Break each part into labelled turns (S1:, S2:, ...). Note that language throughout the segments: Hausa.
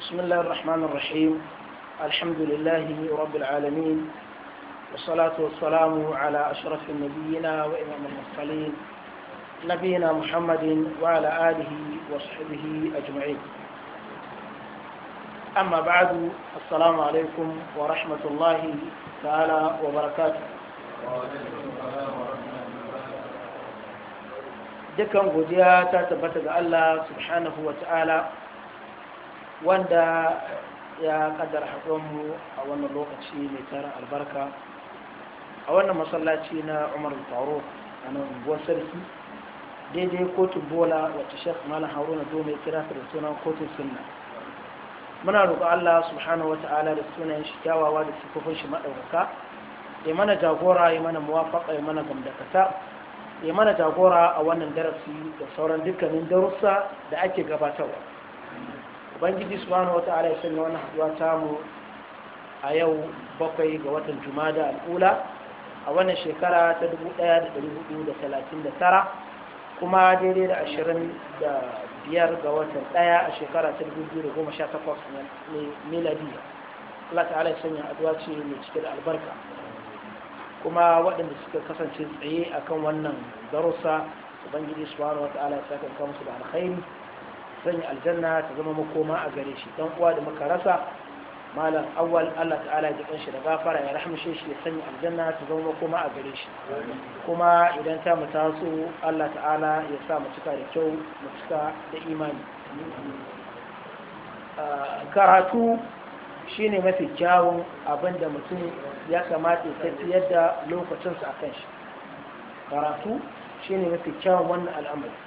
S1: بسم الله الرحمن الرحيم الحمد لله رب العالمين والصلاة والسلام على أشرف نبينا وإمام المرسلين نبينا محمد وعلى آله وصحبه أجمعين أما بعد السلام عليكم ورحمة الله تعالى وبركاته دكان قديا تتبتد الله سبحانه وتعالى wanda ya kaddara haɗonmu a wannan lokaci mai tara albarka a wannan masallaci na umar taro a nan unguwar sarki daidai kotun bola wacce shek malam haruna dome kira da sunan kotun sunna muna roƙo allah subhanahu wa ta'ala da sunayen shi kyawawa da sifofin shi maɗaukaka ya mana jagora ya mana muwafaƙa ya mana gamdakata ya mana jagora a wannan darasi da sauran dukkanin darussa da ake gabatarwa ubangiji subhanahu wata'ala ya sanya wannan haduwa tamu a yau bakwai ga watan jumada al'ula a wannan shekara ta 1439 kuma daidai da 25 ga watan ɗaya a shekara ta 2018 miladiya Allah ta'ala ya sanya haduwa ce mai cike da albarka kuma waɗanda suka kasance tsaye akan wannan darussa ubangiji subhanahu wata'ala ya saka musu da alkhairi sanya aljanna ta zama makoma a gare shi dan uwa da muka rasa malam awwal Allah ta'ala ya kan shi da gafara ya rahmishe shi ya sanya aljanna ta zama makoma a gare shi kuma idan ta mu taso Allah ta'ala ya sa mu cika da kyau mu cika da imani karatu shine mafi kyawun abin da mutum ya kamata ya tafiyar da lokacinsa a kan shi karatu shine mafi kyawun wannan al'amari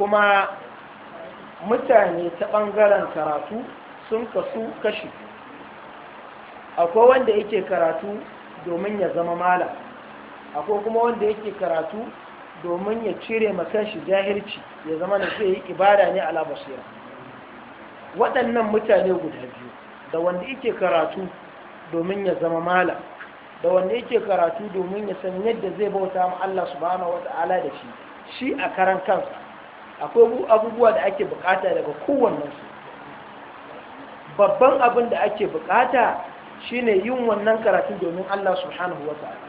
S1: kuma mutane ta ɓangaren karatu sun kasu kashi akwai wanda yake karatu domin ya zama mala akwai kuma wanda yake karatu domin ya cire makanshi jahilci ya zama na zai yi ibada ne ala basira waɗannan mutane guda biyu da wanda yake karatu domin ya zama mala da wanda yake karatu domin ya san yadda zai bauta ma Allah subhanahu wata'ala da shi shi a karan kansa akwai abubuwa da ake bukata daga kowannen su babban abin da ake bukata shine yin wannan karatu domin Allah subhanahu wata'ala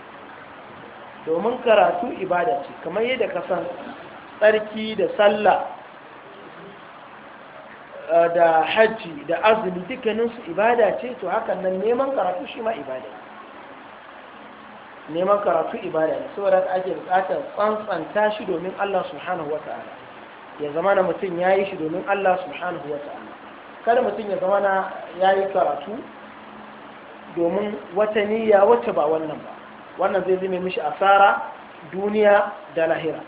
S1: domin karatu ibada ce kamar yadda ka san tsarki da sallah da hajji da azumi dukkaninsu ibada ce to hakan nan neman karatu shi ma ibada neman karatu ibada ne saboda ake bukatar tsantsanta shi domin Allah subhanahu wata'ala ya zama na mutum ya yi shi domin Allah subhanahu wa ta'ala kada mutum ya zama na ya yi karatu domin wata niyya wacce ba wannan ba wannan zai zime mishi asara duniya da lahira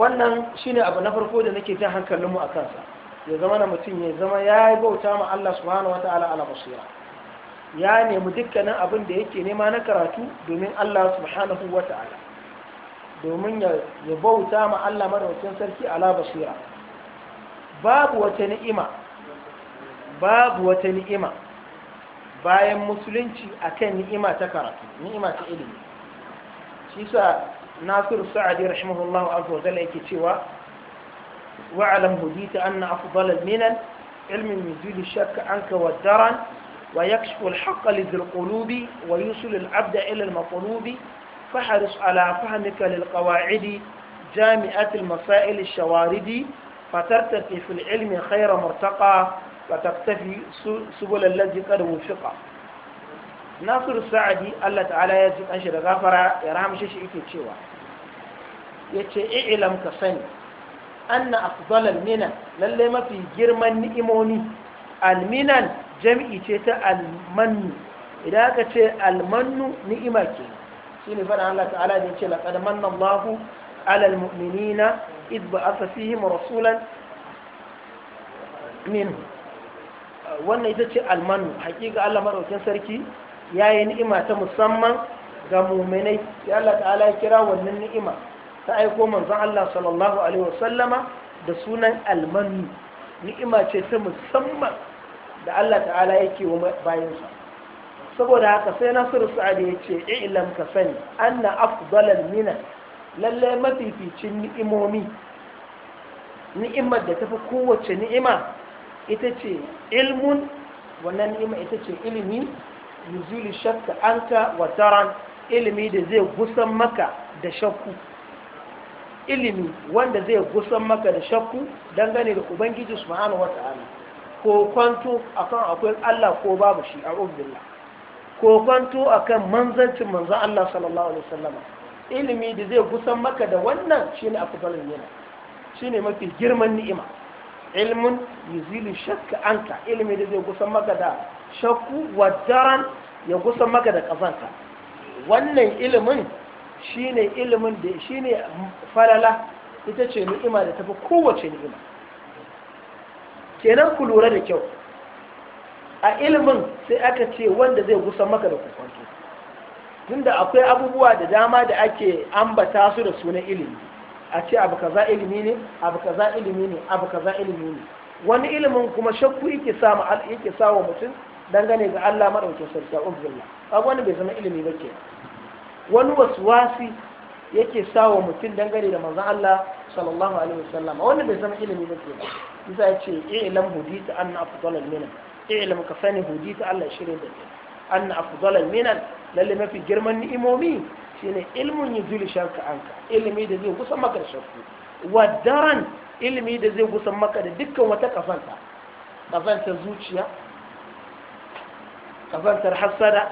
S1: wannan shine abu na farko da nake ta hankalinmu a kansa ya zama na mutum ya zama ya yi bauta ma Allah subhanahu wata'ala ala basira ya nemi dukkanin abin da yake nema na karatu domin Allah subhanahu wata'ala domin ya bauta ma Allah madaukakin sarki ala basira babu wata ni'ima babu wata ni'ima bayan musulunci akan ni'ima ta karatu ni'ima ta ilimi shi sa nasiru sa'adi rahimahullahu azza wa jalla yake cewa wa alam hudita anna afdal al minan ilmin yuzil shakk an wa daran wa yakshifu al haqq qulubi wa yusil al abda ila al maqlubi فحرص على فهمك للقواعد جامعة المسائل الشوارد فترتقي في العلم خير مرتقى وتقتفي سبل الذي قد وفق ناصر السعدي الله تعالى يجب أن شر غفر يرحم شيء إيكي تشوى يتشي إعلم كسني أن أفضل المنن للي ما في جرما نئموني المنن جمعي تيتا المن إذا كتشي المن نئما كينا shine fara Allah ta'ala da ce laqad manna Allahu 'ala al-mu'minina id ba'atha fihim rasulan min wannan ita ce almanu hakika Allah madaukakin sarki yayi ni'ima ta musamman ga mu'minai ya Allah ta'ala ya kira wannan ni'ima ta aiko manzon Allah sallallahu alaihi wasallama da sunan almanu ni'ima ce ta musamman da Allah ta'ala yake wa bayansa saboda haka sai nasiru sa'adi ya ce ilam ka sani anna afdalal mina lalle mafificin ni'imomi ni'imar da tafi kowace ni'ima ita ce ilmun wannan ni'ima ita ce ilimi yuzulu shakka anka wa taran ilimi da zai gusan maka da shakku ilimi wanda zai gusan maka da shakku dangane da ubangiji subhanahu wata'ala ko kwanto akan akwai Allah ko babu shi a billah kokonto akan manzancin manzan Allah sallallahu alaihi wasallam ilimi da zai kusan maka da wannan shine afdalul Shi shine mafi girman ni'ima ilmun yuzilu shakka anka ilimi da zai kusan maka da shakku wa daran ya kusan maka da kazanta wannan ilimin shine ilimin da shine falala ita ce ni'ima da tafi kowace ni'ima kenan ku lura da kyau a ilimin sai aka ce wanda zai gusa maka da tun tunda akwai abubuwa da dama da ake ambata su da sunan ilimi a ce abu kaza ilimi ne abu kaza ilimi ne abu kaza ilimi ne wani ilimin kuma shakku yake samu yake sawa mutum dangane ga Allah madaukakin sarki a umbillah abu wani bai zama ilimi ba ke wani waswasi yake sawa mutum dangane da manzon Allah sallallahu alaihi wasallam wani bai zama ilimi ba ke bisa ya ce i'lam hudita anna afdalul minna ilm ka sani hudita Allah shirin da ke na afudalar minan lalle mafi girman ni'imomi shine zuli shanka an ka ilmi da zai kusan maka da shakku wa daren ilmi da zai kusan maka da dukkan wata kafanta kafantar zuciya kafantar hasada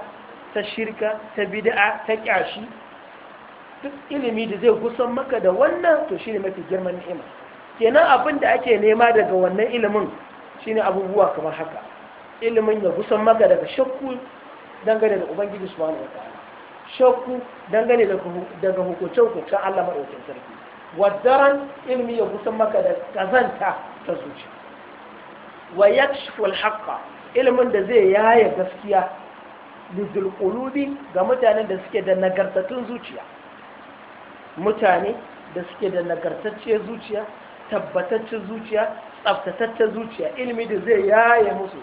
S1: ta shirka ta bid'a ta kyashi duk ilimi da zai kusan maka da wannan to shine mafi girman ni'ima kenan abin da ake nema daga wannan ilimin shine abubuwa kamar haka ilimin ya gusan maka daga shakku dangane da ubangiji su wani wata shakku dangane daga hukuncin hukuncin Allah madaukakin sarki wadaran ilimin ya gusan maka da kazanta ta zuci wa yakshifu alhaqa ilimin da zai yaya gaskiya lidul qulubi ga mutanen da suke da nagartattun zuciya mutane da suke da nagartacce zuciya tabbataccen zuciya tsaftataccen zuciya ilimi da zai yaya musu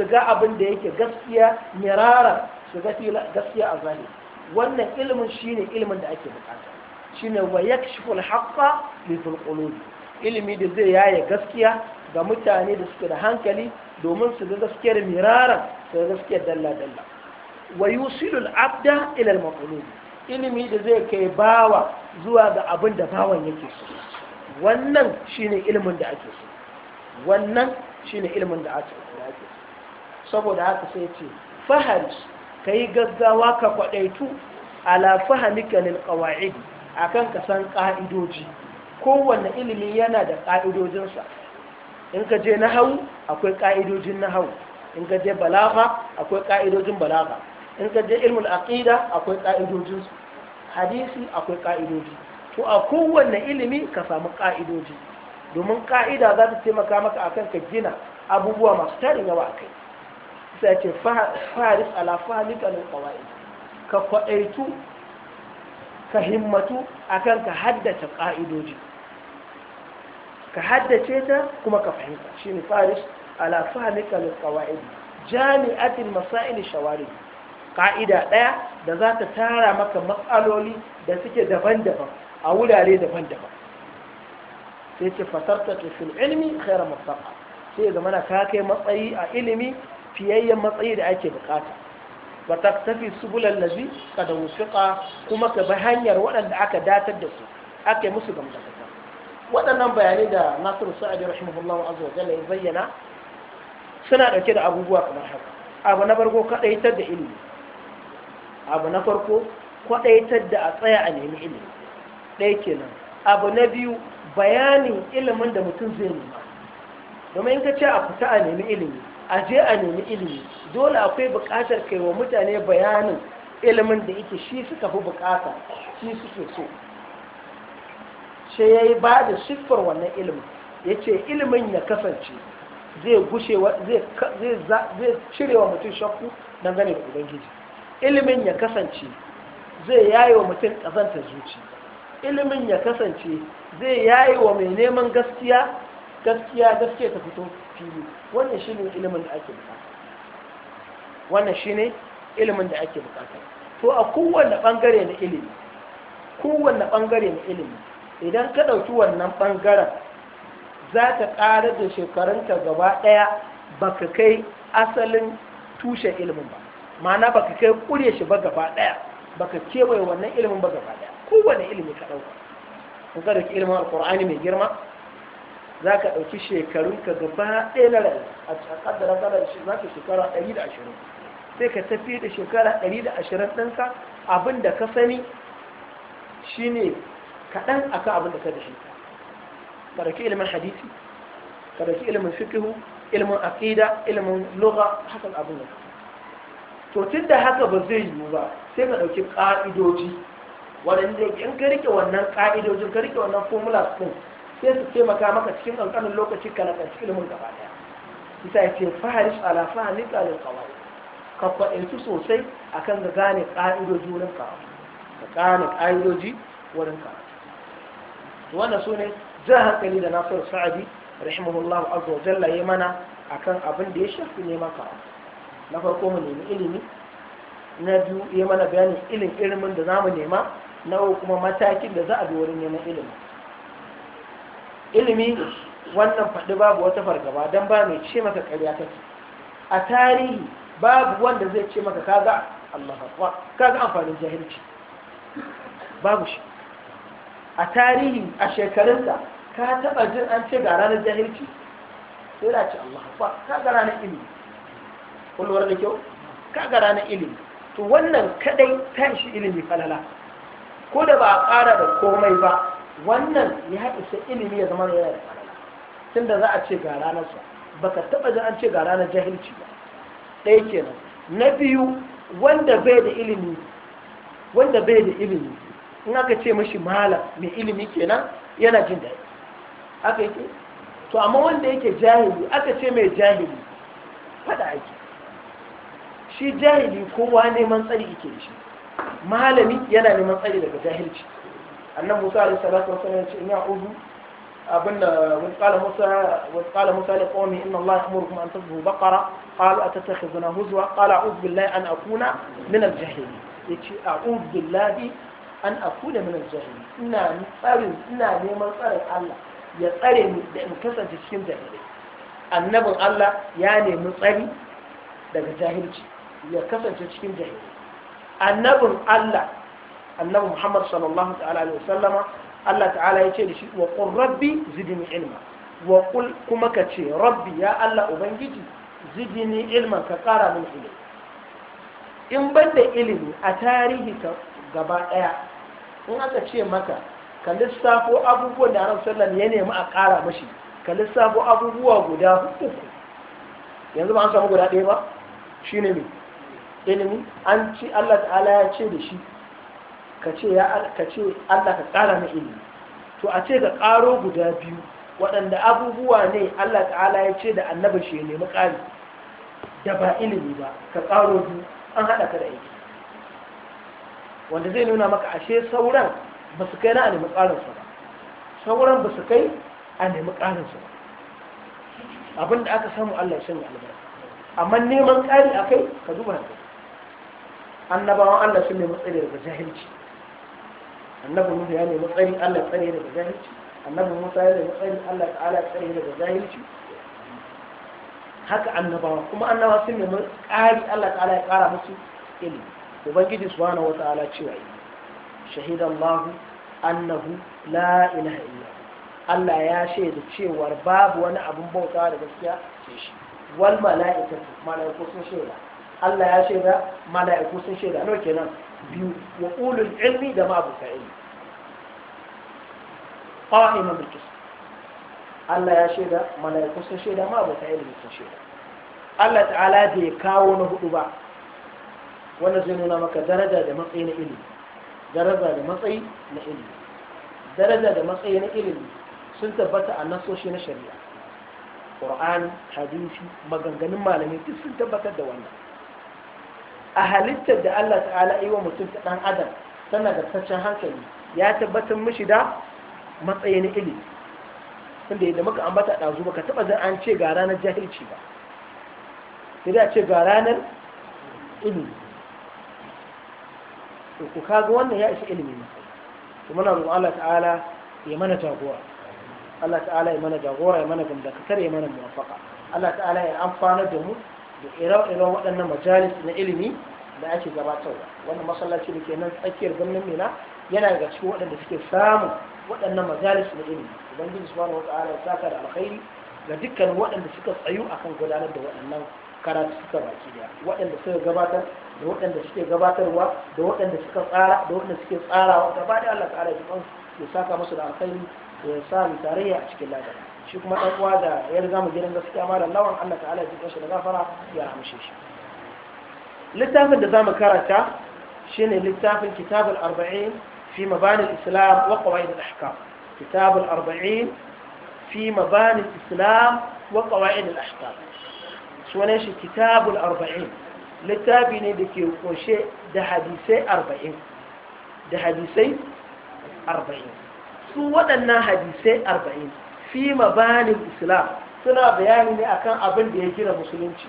S1: su ga abin da yake gaskiya mirara su gaskiya a zahiri wannan ilimin shine ilimin da ake bukata shine wa yakshiful haqqa li qulubi ilimi da zai yaye gaskiya ga mutane da suke da hankali domin su ga gaskiyar mirara su ga gaskiyar dalla dalla wa yusilul abda ila al ilimi da zai kai bawa zuwa ga abin da bawan yake so wannan shine ilimin da ake so wannan shine ilimin da ake so saboda haka sai ce fahar ka yi gaggawa ka kwaɗaitu ala fahamika lil qawa'id akan ka san ka'idoji kowanne ilimi yana da ka'idojinsa in ka je nahawu akwai ka'idojin nahawu in ka je balagha akwai ka'idojin balagha in ka je ilmul aqida akwai ka'idojin hadisi akwai ka'idoji to a kowanne ilimi ka samu ka'idoji domin ƙa'ida za ta taimaka maka akan ka gina abubuwa masu tarin yawa kai sai ce faris ala fahalika lil qawaid ka kwadaitu ka himmatu akan ka haddace ka'idoji ka haddace ta kuma ka fahimta shine faris ala fahalika lil qawaid jami'atil masail shawarib ka'ida ɗaya da za ta tara maka matsaloli da suke daban-daban a wurare daban-daban sai ce fasarta fil ilmi khairar mustafa sai ya mana ka kai matsayi a ilimi fiyayyen matsayi da ake bukata ba tafi taktafi subulal ka da wufiqa kuma ka bi hanyar waɗanda aka datar da su aka yi musu ta. waɗannan bayanai da Nasiru Sa'adi rahimahullahu azza wa jalla ya zayyana suna ɗauke da abubuwa kamar haka abu na farko kaɗaitar da ilimi abu na farko kwaɗaitar da a tsaya a nemi ilimi ɗaya kenan abu na biyu bayanin ilimin da mutum zai nema domin in ka ce a fita a nemi ilimi a je a nemi ilimi dole akwai buƙatar kai wa mutane bayanin ilimin da yake shi suka fi buƙata shi suke so sai ya yi ba da siffar wannan ilimin ya ce ilimin ya kasance zai gushe zai cire wa mutum shakku gane da ubangiji ilimin ya kasance zai yayi wa mutum ƙazantar zuci ilimin ya kasance zai yayi wa mai neman gaskiya gaskiya gaskiya ta fito fili wannan shine ilimin da ake bukata wannan shine ilimin da ake bukata to a kowanne bangare na ilimi kowanne bangare na ilimi idan ka ɗauki wannan bangaren za ka ƙarar da shekarunka gaba ɗaya ba ka kai asalin tushen ilimin ba ma'ana ba ka kai ƙure shi ba gaba ɗaya ba ka kewaye wannan ilimin ba gaba ɗaya kowane ilimi ka ɗauka kun ka ɗauki ilimin alƙur'ani mai girma za ka ɗauki shekarunka gaba ɗaya na rai a ƙaddara ƙarar shi za ka shekara 120 sai ka tafi da shekara 120 ɗinka abin da ka sani shi ne kaɗan a kan abin da ka da shi ka ɗauki ilimin hadisi ka ɗauki ilimin fikihu ilimin aƙida ilimin lugha hakan abin da to tun da haka ba zai yiwu ba sai ka ɗauki ƙa'idoji waɗanda in ka riƙe wannan ƙa'idojin ka riƙe wannan formulas ɗin sai su taimaka maka cikin kankanin lokaci ka na ilimin gaba ɗaya. isa ya ce faharis ala faharis ala kawai ka kwaɗaitu sosai akan ga gane ƙa'idoji wurin karatu ka gane ƙa'idoji wurin karatu wannan su ne jan hankali da nasiru sa'adi rahimahullahu azza wa jalla ya mana akan abin da ya shafi neman karatu na farko mu nemi ilimi na biyu ya mana bayanin ilin ilimin da za mu nema na kuma matakin da za a bi wurin neman ilimin ilimi wannan faɗi babu wata fargaba don ba mai ce maka ƙarya take a tarihi babu wanda zai ce maka kaga Allah akbar kaga amfanin jahilci babu shi a tarihi a shekarunsa ka taɓa jin an ce ga ranar jahilci sai da ce Allah ka kaga ranar ilimi kullum da kyau kaga ranar ilimi to wannan kadai ta shi ilimi falala ko da ba a ƙara da komai ba wannan ya isa ilimi ya zama yana da falala da za a ce ga ranarsa ka taɓa jin an ce ga ranar jahilci ba ɗaya kenan na biyu wanda bai da ilimi wanda bai da ilimi in aka ce mashi malam mai ilimi kenan yana jin daɗi aka yake to amma wanda yake jahili aka ce mai jahili fada ake shi jahili kowa neman tsari yake shi malami yana neman tsari daga jahilci أن موسى عليه الصلاة والسلام شئ يعوذ أبن وقال موسى وقال موسى لقومه إن الله يأمركم أن تذبحوا بقرة قال أتتخذنا هزوا قال أعوذ بالله أن أكون من الجاهلين أعوذ بالله أن أكون من الجاهلين إنا نتقرن إنا نيما نتقرن الله يتقرن مكسا تشكين جاهلين النبي الله يعني نتقرن ده جاهلين يكسا تشكين جاهلين النبي الله annabi muhammad sallallahu ta'ala alaihi wasallama Allah ta'ala ya ce da shi wa qul rabbi zidni ilma wa qul kuma ka ce rabbi ya Allah ubangiji zidni ilma ka kara min ilimi in banda ilimi a tarihi ka gaba daya in aka ce maka ka lissafo abubuwan da Annabi sallallahu ya nemi a kara mashi ka lissafo abubuwa guda uku yanzu ba an samu guda ɗaya ba shine ne ilimi an ci Allah ta'ala ya ce da shi ka ce ya Allah ka ƙara na ilimi to a ce ka ƙaro guda biyu waɗanda abubuwa ne Allah ta'ala ya ce da annabi shi ya nemi ƙari da ba ilimi ba ka ƙaro biyu an haɗa ka da aiki wanda zai nuna maka ashe sauran ba su kai na a nemi ƙarinsa ba sauran ba su kai a nemi ƙarinsa ba abinda aka samu Allah ya sanya albarka amma neman ƙari a kai ka duba annabawan Allah sun nemi tsare daga jahilci annabi Nuhu ya nemi tsarin Allah tsare daga jahilci annabi Musa ya nemi tsarin Allah ta'ala tsare daga jahilci haka annabawa kuma annabawa sun nemi ƙari Allah ta'ala ya ƙara musu ilimi ubangiji subhanahu wa ta'ala cewa yi shahida Allah annahu la ilaha illa Allah ya shaida cewa babu wani abun bautawa da gaskiya sai shi wal mala'ikatu mala'iku sun shaida Allah ya shaida mala'iku sun shaida nawa kenan biyu wa ulul ilmi da ma'abuta ilmi qa'iman bil qist Allah ya shaida mala'iku sun shaida ma'abuta ilmi sun shaida Allah ta'ala bai kawo na hudu ba wanda zai nuna maka daraja da matsayi na ilimi daraja da matsayi na ilimi daraja da matsayi na ilmi sun tabbata a nasoshi na shari'a Qur'ani hadisi maganganun malamai duk sun tabbatar da wannan a halittar da Allah ta'ala yi wa mutum ta ɗan adam tana da taccen hankali ya tabbatar mishi da matsayin ilimi tunda yadda muka ambata ɗazu baka taɓa zan an ce ga ranar jahilci ba sai da ce ga ranar ilimi to ku kaga wannan ya isa ilimi ne to muna roƙon Allah ta'ala ya mana jagora Allah ta'ala ya mana jagora ya mana kare ya mana muwafaka Allah ta'ala ya amfana da mu da ire-iren waɗannan majalis na ilimi da ake gabatarwa wannan masallaci da ke nan tsakiyar birnin mina yana daga cikin waɗanda suke samun waɗannan majalis na ilimi ubangiji su wani wata ala saka da alkhairi ga dukkan waɗanda suka tsayu akan gudanar da waɗannan karatu suka baki daya waɗanda suka gabatar da waɗanda suke gabatarwa da waɗanda suka tsara da waɗanda suke tsarawa gaba da Allah ta'ala ya saka musu da alkhairi ya sa mu tarayya a cikin ladan shi kuma ɗan uwa da ya riga mu gidan gaskiya ma da lawan Allah ta'ala ya ji da gafara ya ramshe shi littafin da zamu karanta shine littafin kitabul arba'in fi mabani al-islam wa qawaid al-ahkam kitabul arba'in fi mabani al-islam wa qawaid al-ahkam sunan shi kitabul arba'in littafi ne da ke kunshe da hadisai arba'in da hadisai arba'in su waɗannan hadisai arba'in fi mabanin islam suna bayani ne akan abin da ya gina musulunci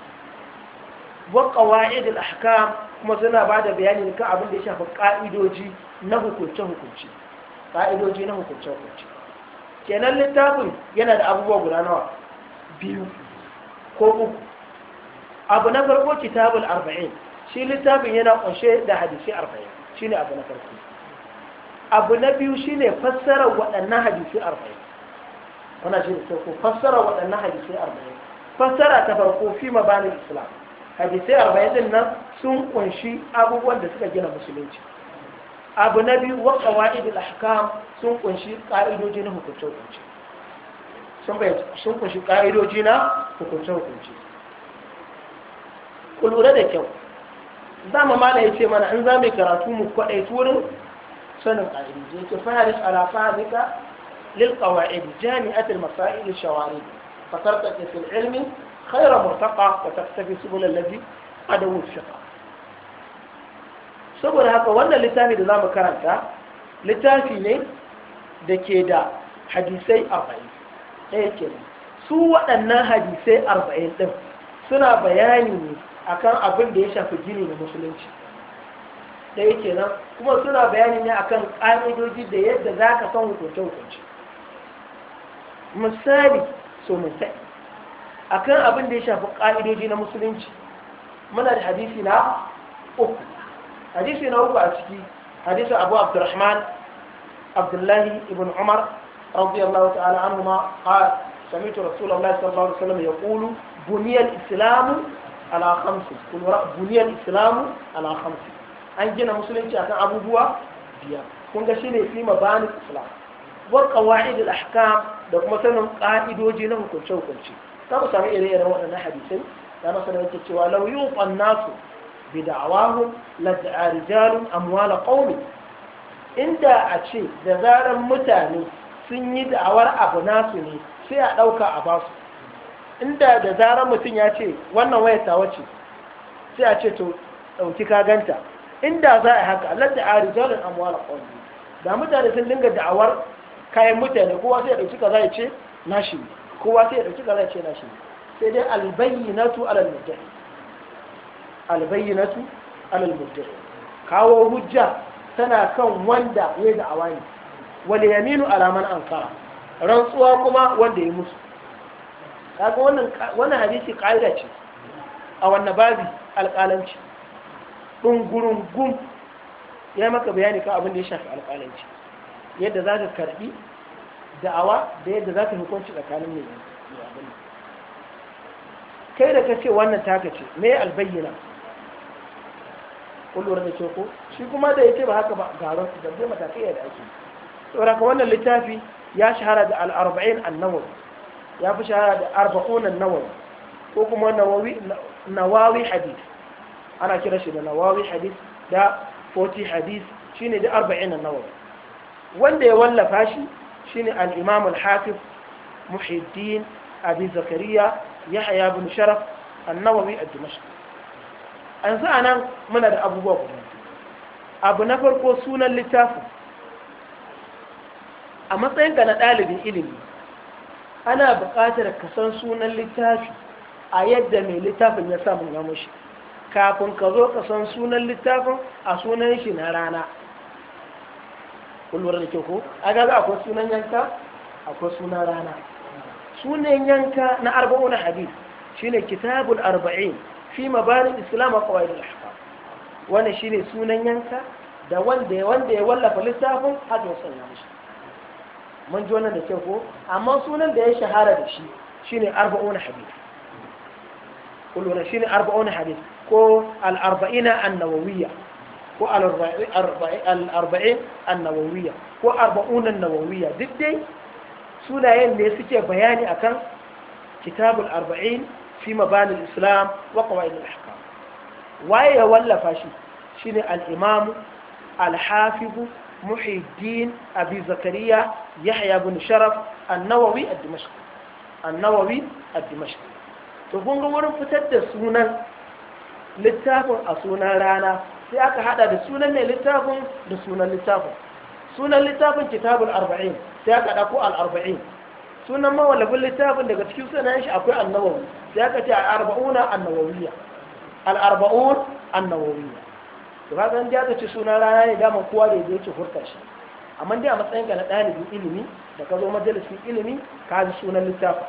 S1: wa qawaid al ahkam kuma suna bada bayani kan abin da ya shafi ka'idoji na hukunce hukunci ka'idoji na hukunce hukunci kenan littafin yana da abubuwa guda nawa biyu ko uku abu na farko kitabul arba'in shi littafin yana kunshe da hadisi arba'in shine abu na farko abu na biyu shine fassara waɗannan hadisi arba'in kuna shi da ko fassara waɗannan hadisai arba'in fassara ta farko fi mabani islam hadisai arba'in din nan sun kunshi abubuwan da suka gina musulunci abu na biyu wa qawaidul ahkam sun kunshi ka'idoji na hukunce hukunce sun bai sun kunshi ka'idoji na hukunce hukunce ku lura da kyau dama mala ce mana in za mu karatu mu kwadaitu turin sanin ka'idoji yake fa ala fa'alika للقواعد جامعة المسائل الشوارد فترتقي في العلم خير مرتقى وتقتفي سبل الذي عدو الشقى saboda haka wannan littafi da za mu karanta littafi ne da ke da hadisai arba'in ɗaya ke su waɗannan hadisai arba'in ɗin suna bayani ne akan abin da ya shafi gini na musulunci ɗaya kenan kuma suna bayani ne akan ƙa'idoji da yadda za ka san hukunce-hukunce misali so misali akan abin da ya shafi ƙa'idoji na musulunci muna da hadisi na uku hadisi na uku a ciki hadisin abu abdurrahman abdullahi ibn umar radiyallahu ta'ala anhu ma qala sami'tu rasulullahi sallallahu alaihi wasallam yaqulu buniyal islamu ala khams kun ra buniyal islamu ala khams an gina musulunci akan abubuwa biyar kun ga shine fi mabani islam wa qawaid al ahkam da kuma sanin ƙa'idoji na hukunce-hukunce za mu sami ire-iren waɗannan hadisai da na sanar yake cewa lau yi ƙwan nasu bi da'awahun ladda'a rijalun amwala ƙaumi inda a ce da zarar mutane sun yi da'awar abu nasu ne sai a ɗauka a basu inda da zarar mutum ya ce wannan waya ta wace sai a ce to ɗauki ka ganta inda za a haka ladda'a amuwa amwala ƙaumi da mutane sun dinga da'awar kayan mutane kowa sai ya dauki kaza ya ce nashi ne kowa sai ya dauki kaza ya ce nashi ne sai dai albayyinatu alal mudda'i albayyinatu alal mudda'i kawo hujja tana kan wanda ya da'awa ne wal yaminu ala man ansara rantsuwa kuma wanda ya musu kaga wannan wannan hadisi qaida ce a wannan babi alƙalanci ɗungurungun ya maka bayani kan abin da ya shafi alƙalanci yadda za ka karbi da'awa da yadda za ka hukunci tsakanin mai kai da ka ce wannan taka ce me albayyana kullum da ce ko shi kuma da ya yake ba haka ba garon su dambe matakai da ake saboda ka wannan littafi ya shahara da al'arba'in arbain an-nawawi ya fi shahara da arba'un an-nawawi ko kuma nawawi nawawi hadith ana kira shi da nawawi hadith da 40 hadith shine da arba'in an-nawawi wanda ya wallafa shi shine al-imam al-hafiz Muhyiddin, abi zakariya yahya ibn sharaf an-nawawi ad dimashqi an sa anan muna da abubuwa guda abu na farko sunan littafin a matsayinka na ɗalibin ilimi ana buƙatar ka san sunan littafi a yadda mai littafin ya samu ya mushi kafin ka zo ka san sunan littafin a sunan shi na rana kullum da kyau ko a gaga akwai sunan yanka akwai sunan rana sunan yanka na arba'una hadith shine kitabul arba'in fi mabarin islam wa qawaid al ahkam wannan shine sunan yanka da wanda wanda ya wallafa littafin haka ya sanya mishi mun ji wannan da kyau ko amma sunan da ya shahara da shi shine arba'una hadith kullum shine arba'una hadith ko al arba'ina an-nawawiyya ko al-arba'in an-nawawiyya ko arba'un an-nawawiyya duk dai sunayen da suke bayani akan kitabul arba'in fi mabani al-islam wa qawaid al-ahkam waye ya wallafa shi shine al-imam al-hafiz muhiddin abi zakariya yahya bin sharaf an-nawawi ad-dimashqi an-nawawi ad-dimashqi to kun ga wurin fitar da sunan littafin a sunan rana sai aka hada da sunan mai littafin da sunan littafin sunan littafin kitabul arba'in sai aka dako al arba'in sunan mawallafin littafin daga cikin sunan shi akwai annawawi sai aka ce al arba'una annawawiya al arba'un annawawiya to ka san da ce sunan rana ne dama kowa da yake furta shi amma dai a matsayin ka na ɗalibin ilimi da ka zo majalisin ilimi ka ji sunan littafin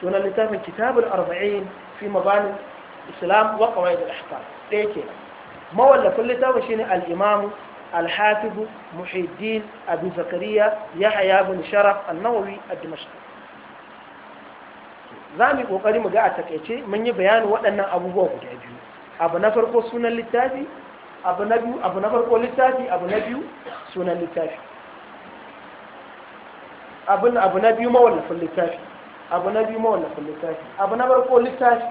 S1: sunan littafin kitabul arba'in fi mabanin islam wa qawaid al ahkam ɗaya kenan mawallafin littafin shine al-imam al-hafiz muhiddin abu zakariya yahya bin sharaf an-nawawi ad-dimashq zamu kokari mu ga a takeice mun yi bayanin waɗannan abubuwa guda biyu abu na farko sunan littafi abu na biyu abu na farko littafi abu na biyu sunan littafi abu na biyu mawallafin littafi abu na biyu mawallafin littafi abu na farko littafi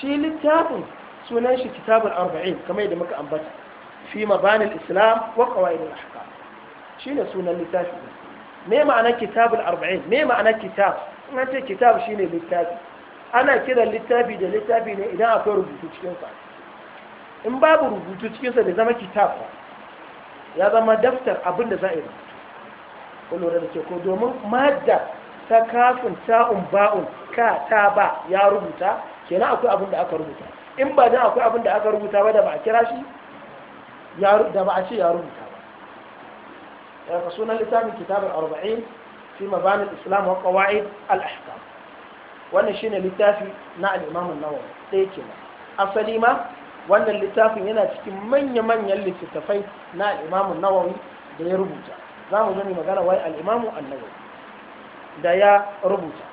S1: shi littafin sunan shi kitabul arba'in kamar yadda muka ambata fi mabanil islam wa qawaidul ahkam shine sunan littafi me ma'ana kitabul arba'in me ma'ana kitab in an ce kitab shine littafi ana kiran littafi da littafi ne idan akwai rubutu cikin sa in babu rubutu cikin sa zama kitab ba ya zama daftar abin da za a yi ko lura da ke ko domin madda ta kafin ta'un ba'un ka ta ba ya rubuta kenan akwai abin da aka rubuta in ba dan akwai abin da aka rubuta ba da ba a kira shi da ba a ce ya rubuta ba daga sunan littafin kitabul arba'in fi mabanin islam wa qawaid al ahkam wannan shine littafi na al-imam an-nawawi asali ma wannan littafin yana cikin manya-manyan littattafai na al-imam da ya rubuta za mu gani magana wai al-imam da ya rubuta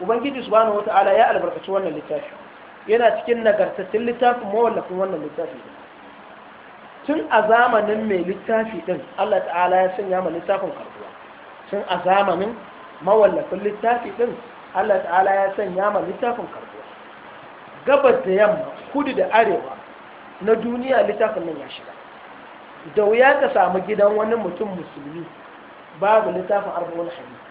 S1: ubangiji subhanahu wata'ala ya albarkaci wannan littafi yana cikin nagartattun littafin mawallafin wannan littafi tun a zamanin mai littafi din Allah ta'ala ya sanya ma littafin karbuwa tun a zamanin mawallafin littafi din Allah ta'ala ya sanya ma littafin karbuwa gabas da yamma kudu da arewa na duniya littafin nan ya shiga da wuya ka samu gidan wani mutum musulmi babu littafin arba'un hadisi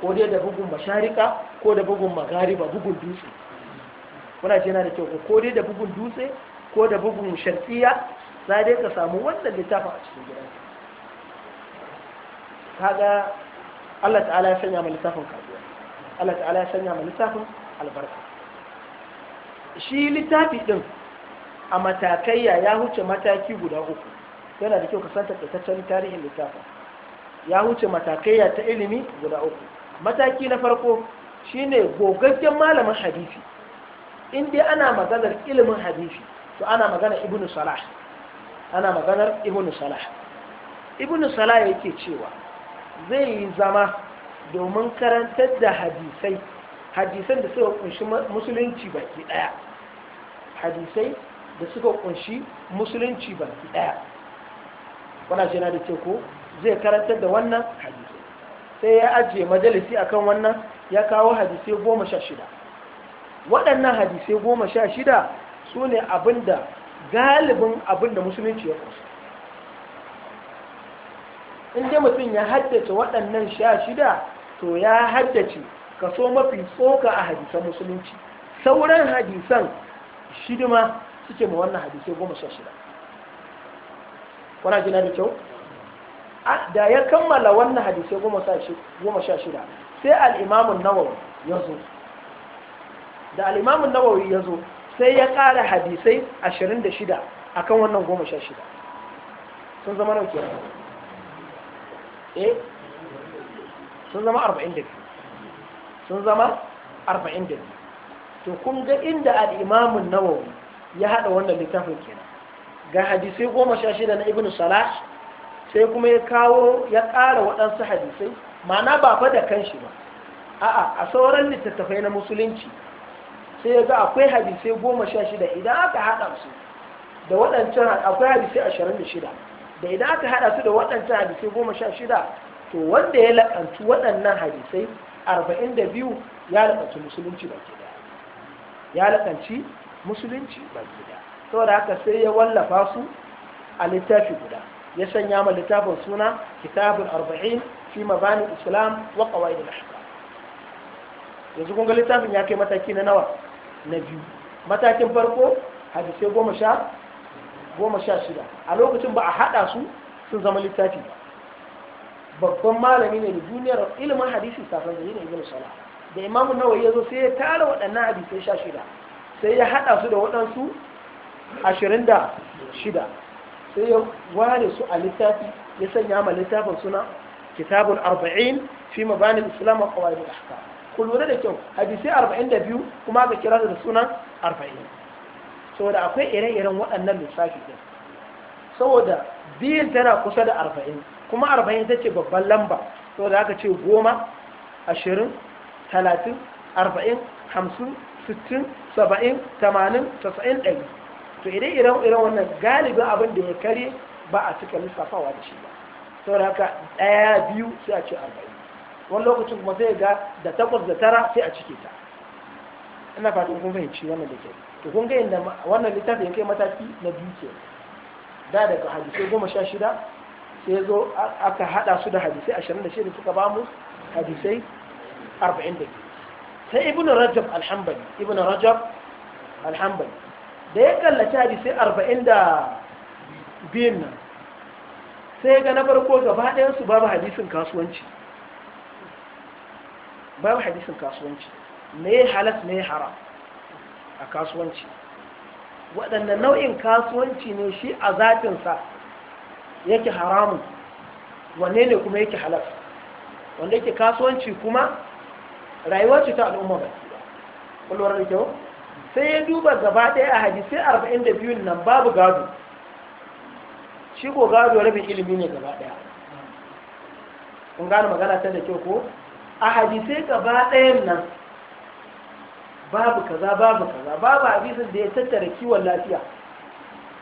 S1: ko dai da bugun masharika ko da bugun magariba bugun dutse kuna ce yana da kyau ko dai da bugun dutse ko da bugun shartiya za dai ka samu wannan littafin a cikin gidan kaga Allah ta'ala ya sanya ma littafin kaduwa Allah ta'ala ya sanya ma littafin albarka shi littafi din a matakaiya ya huce mataki guda uku yana da kyau ka san takaitaccen tarihin littafin ya huce matakaiya ta ilimi guda uku mataki na farko shine gogaggen malamin hadisi in dai ana maganar ilimin hadisi to ana magana ibnu salah ana maganar ibnu salah ibnu salah yake cewa zai yi zama domin karantar da hadisai hadisan da suka kunshi musulunci baki daya hadisai da suka kunshi musulunci baki daya wana ce na da ce ko zai karantar da wannan hadisai sai ya ajiye majalisi akan wannan ya kawo hadisai goma sha shida waɗannan hadisai goma sha shida su ne abinda galibin abinda musulunci ya kusa inda mutum ya haddace waɗannan sha shida to ya haddace kaso mafi tsoka a hadisan musulunci sauran hadisan shidima suke ma wannan hadisai goma sha shida kuna jina da kyau da ya kammala wannan hadisai goma sha shida sai al'imamun nawawi ya zo da alimamin nawawi ya zo sai ya ƙara hadisai ashirin da shida a kan wannan goma sha shida sun zama nau ke eh sun zama arba'in da biyu sun zama arba'in da biyu to kun ga inda al'imamin nawawi ya haɗa wannan littafin kenan ga hadisai goma sha shida na ibn salah sai kuma ya kawo ya ƙara waɗansu hadisai ma'ana ba fa da kanshi ba a'a a sauran littattafai na musulunci sai ya ga akwai hadisai goma sha shida idan aka haɗa su da waɗancan akwai hadisai ashirin da shida da idan aka haɗa su da waɗancan hadisai goma sha shida to wanda ya laƙantu waɗannan hadisai arba'in da biyu ya laƙanci musulunci ke da ya laƙanci musulunci da ɗaya saboda haka sai ya wallafa su a littafi guda ya sanya ma littafin suna kitabin arba'in fi mabani islam wa da na ahkam yanzu kun ga littafin ya kai mataki na nawa na biyu matakin farko hadisai goma sha goma sha shida a lokacin ba a haɗa su sun zama littafi babban malami ne da duniyar ilimin hadisi safan zai ne ibn salah da imamu nawawi ya zo sai ya tara waɗannan hadisai sha shida sai ya haɗa su da waɗansu ashirin da shida sai ya ware su a littafi ya sanya ma littafin suna kitabun arba'in fi mabanin islam a kawai da ahkam ku lura da kyau hadisai arba'in da biyu kuma aka kira da sunan arba'in saboda akwai ire-iren waɗannan lissafi ɗin saboda biyun tana kusa da arba'in kuma arba'in ta ce babban lamba saboda aka ce goma ashirin talatin arba'in hamsin sittin saba'in tamanin tasa'in ɗari to idan iren iren wannan galibin abin da ya kare ba a cika lissafawa da shi ba saboda haka ɗaya biyu sai a ce arba'in wani lokacin kuma sai ga da takwas da tara sai a cike ta ina fatan kun fahimci wannan da ke to kun ga inda wannan littafi ya kai mataki na biyu ke da daga hadisai goma sha shida sai zo aka hada su da hadisai ashirin da shida suka bamu hadisai arba'in da biyu sai ibnu rajab alhambali ibnu rajab alhambali da ya kallaci hadisai arba'in da biyun nan sai ga na farko gaba ɗayan su babu hadisin kasuwanci babu hadisin kasuwanci me halas me haram a kasuwanci waɗanda nau'in kasuwanci ne shi a zatinsa yake haramun wanne ne kuma yake halas wanda yake kasuwanci kuma rayuwa ce ta al'umma ba kulwar da kyau sai ya duba gaba ɗaya a hadisai arba'in da biyun nan babu gado shi ko gado rabin ilimi ne gaba ɗaya kun gane magana ta da kyau ko a hadisai gaba ɗayan nan babu kaza babu kaza babu hadisin da ya tattara kiwon lafiya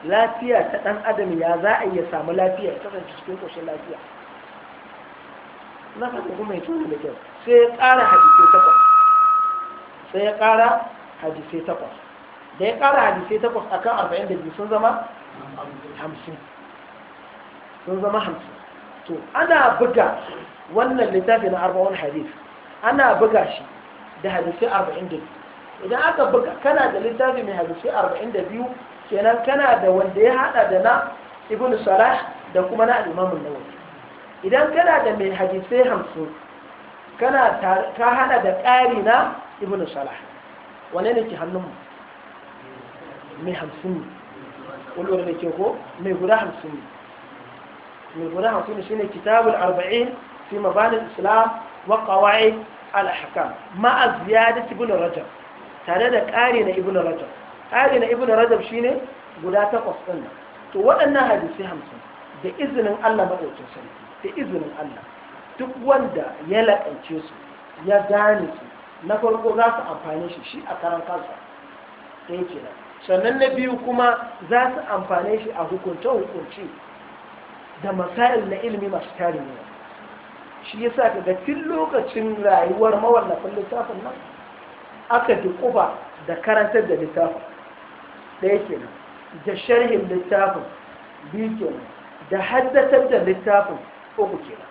S1: lafiya ta ɗan adam ya za a iya samu lafiya ya kasance cikin ƙoshin lafiya na fata kuma ya tuni da kyau sai ya ƙara hadisai takwas sai ya ƙara hadisai takwas da ya ƙara hadisai takwas akan arba'in da biyu sun zama hamsin sun zama hamsin to ana buga wannan littafi na arba'un hadith ana buga shi da hadisai arba'in da biyu idan aka buga kana da littafi mai hadisai arba'in da biyu kenan kana da wanda ya hada da na ibn salah da kuma na imamun nawawi idan kana da mai hadisai hamsin kana ka hada da ƙari na ibn salah wane ne ke hannunmu mai hamsin ne ulwar da ke ko mai guda hamsin ne mai guda hamsin ne shine kitabul arba'in في مبادئ الإسلام وقواعد الأحكام مع زيادة ابن رجب تعالى قارن ابن رجب قارن ابن رجب شيني guda takwas ɗin nan to waɗannan hadisai hamsin da izinin Allah maɗaukin الله da izinin Allah duk wanda ya laƙance su ya gane su na farko za su amfani shi a karan kansa sannan na biyu kuma za su amfane shi a hukunce hukunci da masail na ilimi masu tarihi. shi yasa daga tun lokacin rayuwar mawallafin littafin nan aka dukufa da karantar da littafin ɗaya nan, da sharhin littafin biyu kenan da haddatar da littafin uku kenan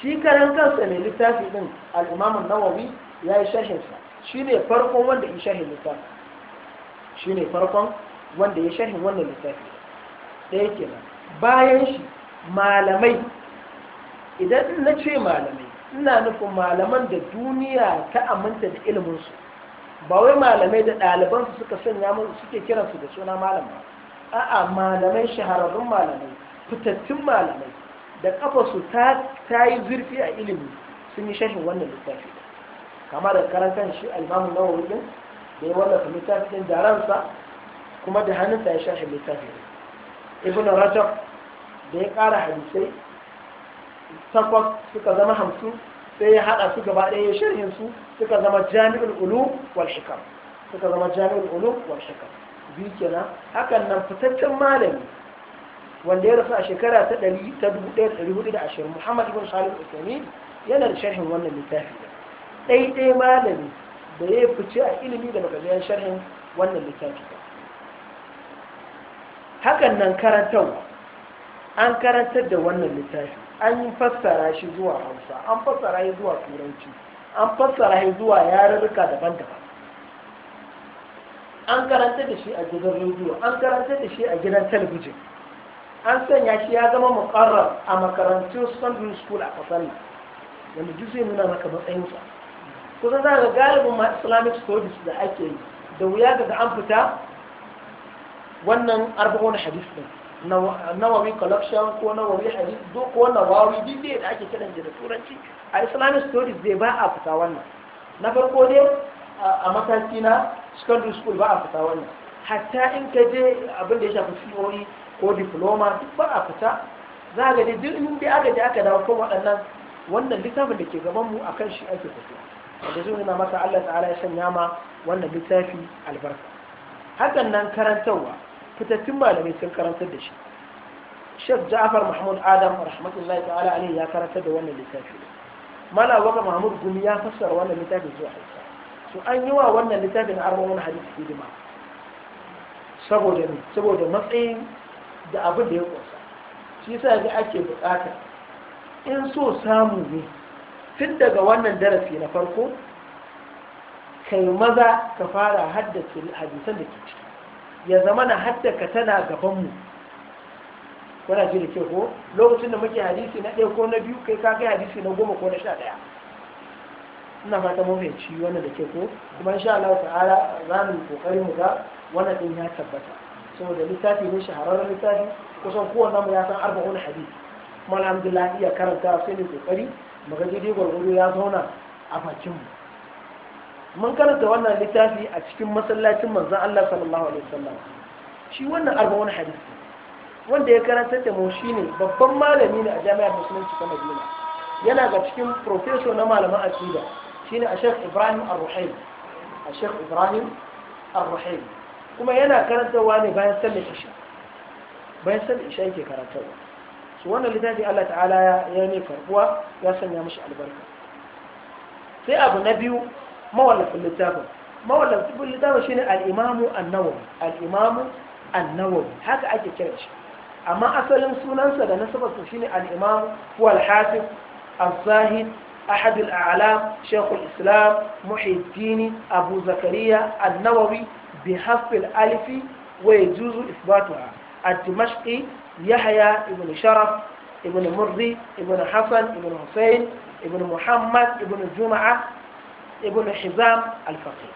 S1: shi karan kansa mai littafi din al'imamun nawawi ya yi sharhinsa shi ne farkon wanda ya sharhin littafin shi ne farkon wanda ya sharhin wannan littafi ɗaya nan, bayan shi malamai idan na ce malamai ina nufin malaman da duniya ta aminta da iliminsu ba wai malamai da ɗalibansu suka sanya musu suke kiransu da suna malama. a'a malamai shahararrun malamai fitattun malamai da ƙafarsu ta ta yi zurfi a ilimi sun yi shashin wannan littafi Kamar da karantar shi alimamu na wurin da ya wallafa littafin da kuma da hannunsa ya shashin littafi ibn rajab da ya ƙara hadisai takwas suka zama hamsin sai ya haɗa su gaba ɗaya sharhin su suka zama jami'ul ulum wal hikam suka zama jami'ul ulum wal hikam bi kenan hakan nan fitaccen malami wanda ya rasu a shekara ta 1420 Muhammad ibn Salim Usaimi yana da sharhin wannan littafi ɗaiɗai malami da ya fice a ilimi da baka sharhin wannan littafi hakan nan karantarwa an karantar da wannan littafi an fassara shi zuwa hausa an fassara shi zuwa turanci an fassara shi zuwa yarurruka daban-daban an karanta da shi a gidan rediyo an karanta da shi a gidan talabijin an sanya shi ya zama mukarrar a makarantun Sunday school a kasar nan wanda duk zai nuna maka matsayinsa kusan za ga galibin ma islamic studies da ake yi da wuya daga an fita wannan arba'un hadis din nawawi collection ko nawawi hadith ko nawawi da ake kiran da turanci a islamic stories dai ba a fita wannan na farko dai a mataki na secondary school ba a fita wannan hatta in ka je abin da ya shafi theory ko diploma duk ba a fita za ga dai duk in dai aka je aka dawo kan waɗannan wannan littafin da ke gaban mu akan shi ake fita, da zo yana masa Allah ta'ala ya sanya ma wannan littafi albarka hakan nan karantarwa fitattun malamai sun karantar da shi shek Ja'far Mahmud Adam rahmatullahi ta'ala alaihi ya karantar da wannan littafi Malam waka Mahmud Gumi ya fassara wannan littafin zuwa Hausa so an yi wa wannan littafin arwamin hadisi hidima saboda saboda matsayin da abin da ya kusa shi yasa ga ake bukata in so samu ne tun daga wannan darasi na farko kai maza ka fara haddace hadisan da ke ciki ya zama na ka tana gabanmu kuna ji da ke ko lokacin da muke hadisi na ɗaya ko na biyu kai ka kai hadisi na goma ko na sha ɗaya ina fata mun fahimci wannan da ke ko kuma insha Allah ta'ala za mu kokari mu ga wannan din ya tabbata saboda littafi ne shahararren littafi kusan kowanne mu ya san arba'un hadisi kuma alhamdulillah iya karanta sai ne kokari mu ga daidai ya zauna a bakin mu mun karanta wannan littafi a cikin masallacin manzon Allah sallallahu alaihi wasallam shi wannan arba'un hadisi wanda ya karanta da mu shine babban malami ne a jami'ar musulunci ta Madina yana ga cikin professor na malaman aqida shine a Sheikh Ibrahim Ar-Ruhaili a Sheikh Ibrahim Ar-Ruhaili kuma yana karantarwa ne bayan sallar isha bayan sallar isha yake karantarwa su wannan littafi Allah ta'ala ya ne karbuwa ya sanya mishi albarka sai abu na biyu mawallafin littafin mawallafin littafin shine al-imamu an-nawawi al-imamu an-nawawi haka ake kira shi amma asalin sunansa da nasabarsa shine al-imam huwa al-hafiz az-zahid أحد الأعلام شيخ الإسلام محي الدين أبو زكريا النووي بحف الألف ويجوز إثباتها الدمشقي يحيى ابن شرف ابن مرضي ابن حسن ابن حسين ابن محمد ابن جمعة ibn hizam al-faqih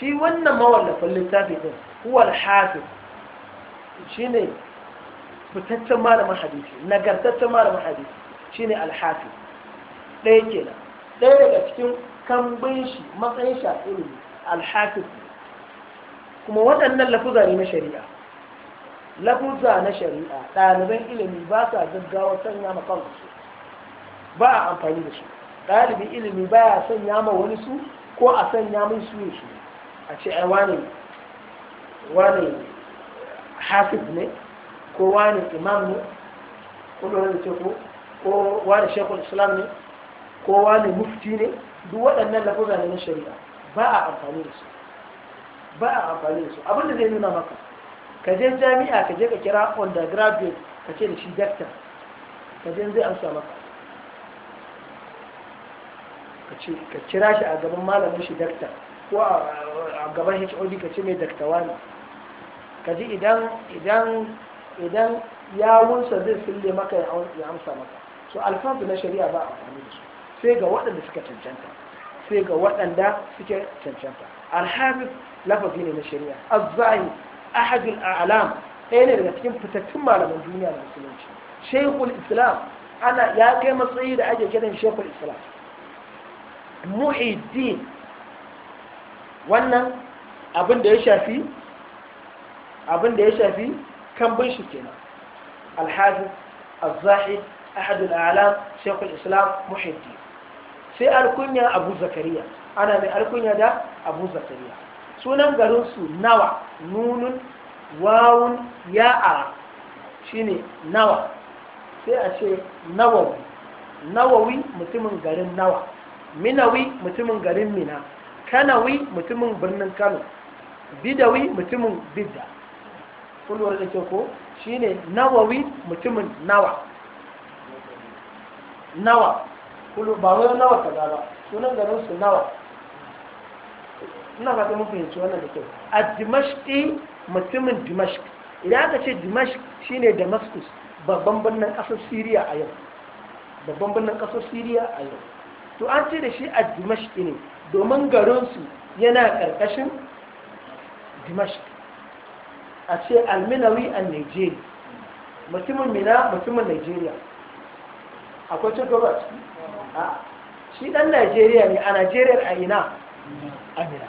S1: shi wannan mawallafin littafi din huwa al-hafiz shine fitaccen malamin hadisi nagartaccen malamin hadisi shine al-hafiz ɗaya kenan ɗaya daga cikin kambin shi matsayin shi a ilimi al-hafiz kuma waɗannan lafuza ne na shari'a lafuza na shari'a ɗaliban ilimi ba sa gaggawa sanya ma ba a amfani da su ɗalibin ilimi baya sanya ma wani su ko a sanya mun su su a ce ai wani wani hafiz ne ko wani imam ne ko dole da ce ko ko wani shekul islam ne ko wani mufti ne duk waɗannan lafuzan ne na shari'a ba a amfani da su ba a amfani da su abin da zai nuna maka ka je jami'a ka je ka kira undergraduate ka ce da shi doctor ka je zai amsa maka ka kira shi a gaban malamin shi dakta ko a gaban HOD ka ce mai dakta wani ka ji idan idan idan yawunsa zai sille maka ya amsa maka so alfazu na shari'a ba amfani da su sai ga waɗanda suka cancanta sai ga waɗanda suke cancanta alhamis lafazi ne na shari'a azzahi ahadul a'lam ɗaya ne daga cikin fitattun malaman duniya da musulunci shaykhul islam ana ya kai matsayi da ake kiran shaykhul islam muhiddin wannan abin da ya shafi abin da ya shafi kambun shi nan alhazi azzahid ahadul alam shekul islam muhiddin sai alkunya abu zakariya ana mai alkunya da abu zakariya sunan garinsu nawa nunun wawun ya'a shine nawa sai a ce nawawi nawawi mutumin garin nawa minawi mutumin garin mina kanawi mutumin birnin kano bidawi mutumin bidda kulwar da ke ko shine nawawi mutumin nawa nawa kullu ba wai nawa ka ba sunan garin su nawa ina fata mun fahimci wannan da kyau a dimashqi mutumin dimashq idan aka ce dimashq shine damascus babban birnin kasar syria a yau babban birnin kasar syria a yau to an ce da shi a dimashki ne domin garinsu yana ƙarƙashin dimashki a ce alminawi a nigeria mutumin mina mutumin nigeria akwai cin gaba a ciki shi ɗan nigeria ne a nigeria a ina a mina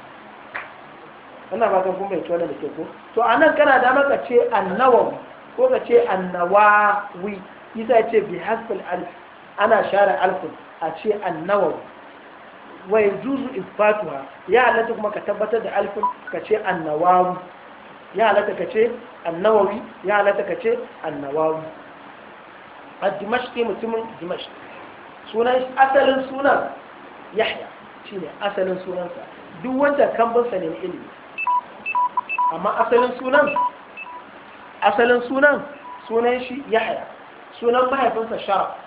S1: ana ba kan kuma ya da ke ko to a nan kana dama ka ce annawawi ko ka ce annawawi isa ce bi hasfil alfi ana share alfun a ce annawawi wai yajuzu isbatuha ya halatta kuma ka tabbatar da alfun ka ce annawawi ya halatta ka ce annawawi ya halatta ka ce annawawi a dimashki mutumin dimashki sunan asalin sunan yahya shine asalin sunansa duk wanda kambinsa ne na ilimi amma asalin sunan asalin sunan sunan shi yahya sunan mahaifinsa sharaf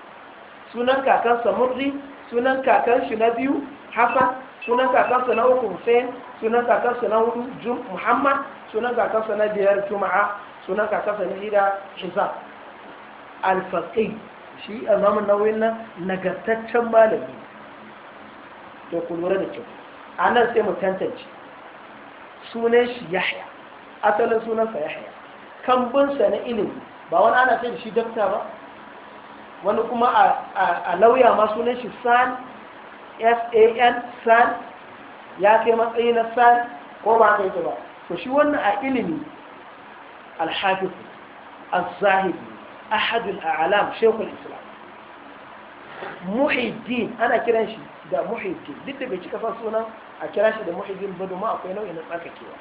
S1: sunan kakansa murri sunan kakanshi na biyu hasan sunan kakansa na uku hussein sunan kakansa na hudu muhammad sunan kakansa na biyar juma'a sunan kakansa na hida shiza alfaƙi shi imamun nauyin nan nagartaccen malami da kulura da kyau a nan sai mu tantance sunan shi yahya asalin sunansa yahya kambinsa na ilimi ba wani ana ce da shi dakta ba wani kuma a lauya masu sunan shi san san san ya kai matsayi na san ko ba ka yi ba to shi wannan a ilimi alhafiz al ahadul a'lam shekul islam muhiddin ana kiran shi da muhiddin duk da bai cika san sunan a kira shi da muhiddin ba domin akwai nau'i na tsarkakewa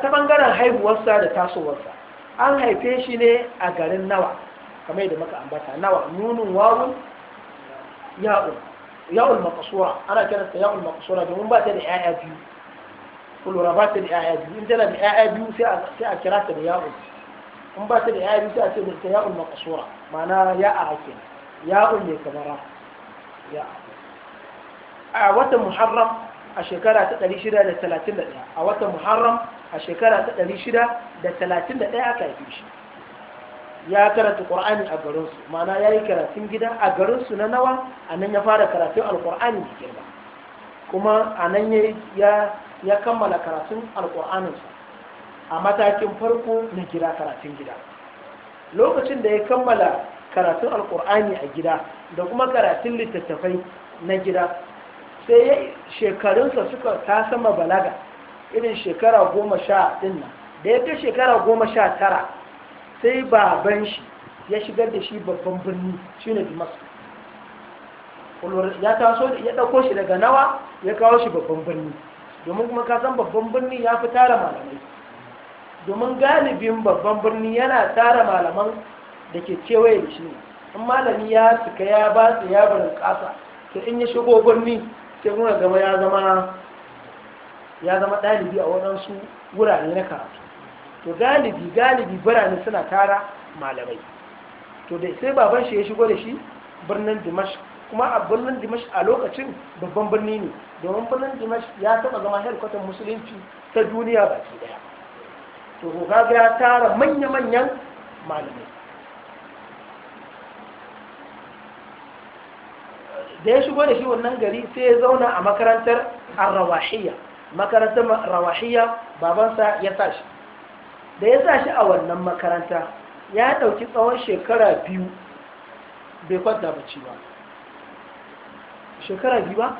S1: ta bangaren haihuwarsa da tasowarsa an haife shi ne a garin nawa kamar yadda muka ambata nawa nunun wawun ya'un ya'ul makasura ana kiransa ya'ul makasura domin ba ta da ya'ya biyu kulura ba ta da ya'ya biyu in tana da ya'ya biyu sai a kira ta da ya'ul in ba ta da ya'ya biyu sai a ce ta ya'ul makasura ma'ana ya'a ake ya'ul ne kamara ya'a a watan muharram a shekara ta 631 a watan muharram a shekara ta 631 aka haife shi ya karanta qur'ani a garinsu ma'ana ya yi karatun gida a garinsu na nawa a ya fara karatun alqur'ani da girma kuma a nan ya kammala karatun alqur'aninsa a matakin farko na gida karatun gida lokacin da ya kammala karatun alkur'ani a gida da kuma karatun littattafai na gida sai shekarunsa suka ta sama balaga irin shekara goma sha ɗin da ya kai shekara goma sha tara sai baban shi ya shigar da shi babban birni shi ne ya taso ya ɗauko shi daga nawa ya kawo shi babban birni domin kuma kasan babban birni ya fi tara malamai domin galibin babban birni yana tara malaman da ke kewaye da shi ne in malami ya suka ya ba su ya barin kasa to in ya shigo birni sai kuma gama ya zama ya zama ɗalibi a waɗansu wurare na karatu to galibi galibi birane suna tara malamai to da sai baban shi ya shigo da shi birnin dimash kuma a birnin dimash a lokacin babban birni ne domin birnin dimash ya taɓa zama herkwatan musulunci ta duniya baki daya to ga ya tara manya-manyan malamai da ya shigo da shi wannan gari sai ya zauna a makarantar arrawahiyya makarantar rawahiya babansa ya tashi da ya sa shi a wannan makaranta ya ɗauki tsawon shekara biyu bai kwanta ba ciwa shekara biyu ba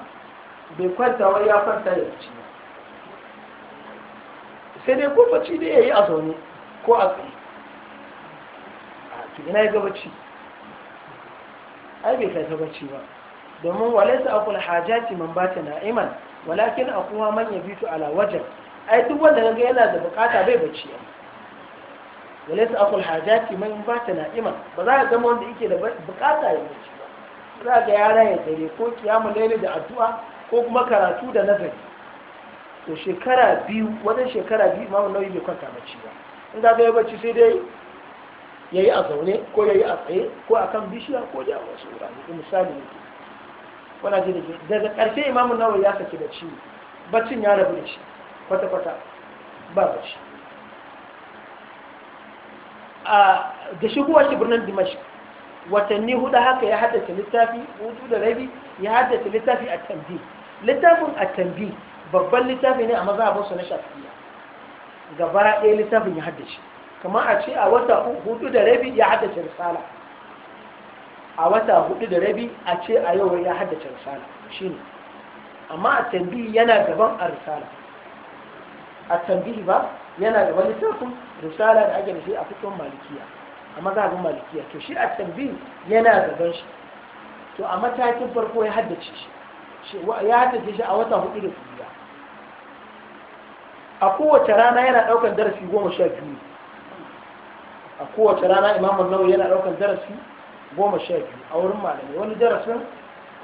S1: bai kwanta wani ya kwanta ya ci ba sai dai ko bacci da ya yi a zaune ko a tsaye a ina ya ga ai bai kai ta bacci ba domin walaisa akwai hajjati man na na'iman walakin a kuma manya bitu ala wajen ai duk wanda ga yana da bukata bai bacci wale su akul hajati man ba ta na'ima ba za ka zama wanda yake da bukata ya bacci ba za ga yara ya dare ko kiyamu laili da addu'a ko kuma karatu da nazari to shekara biyu wajen shekara biyu imamu nauyi bai kwanta bacci ba in ga bai bacci sai dai yayi a zaune ko yayi a tsaye ko akan bishiya ko ya wasu wurare misali Wana ji da ke daga ƙarshe imamu nawa ya saki da ciwo baccin ya rabu da shi kwata-kwata ba bacci a da kuwa shi birnin dimashi watanni hudu haka ya haddace littafi hudu da rabi ya haddace littafi a tambi littafin a tambi babban littafi ne a mazhabinsu na shafiya gaba ɗaya littafin ya haddace kamar a ce a wata hudu da rabi ya haddace risala a wata hudu da rabi a ce a yau ya haddace risala ne amma a tambihi yana gaban a risala a tambihi ba yana gaban littafin risala da ake da shi a fikin malikiya a mazhabin malikiya to shi a tambihi yana gaban shi to a matakin farko ya haddace shi ya haddace shi a wata hudu da kuriya a kowace rana yana ɗaukar darasi goma sha biyu a kowace rana imamun nawa yana ɗaukar darasi goma sha biyu a wurin malami wani darasin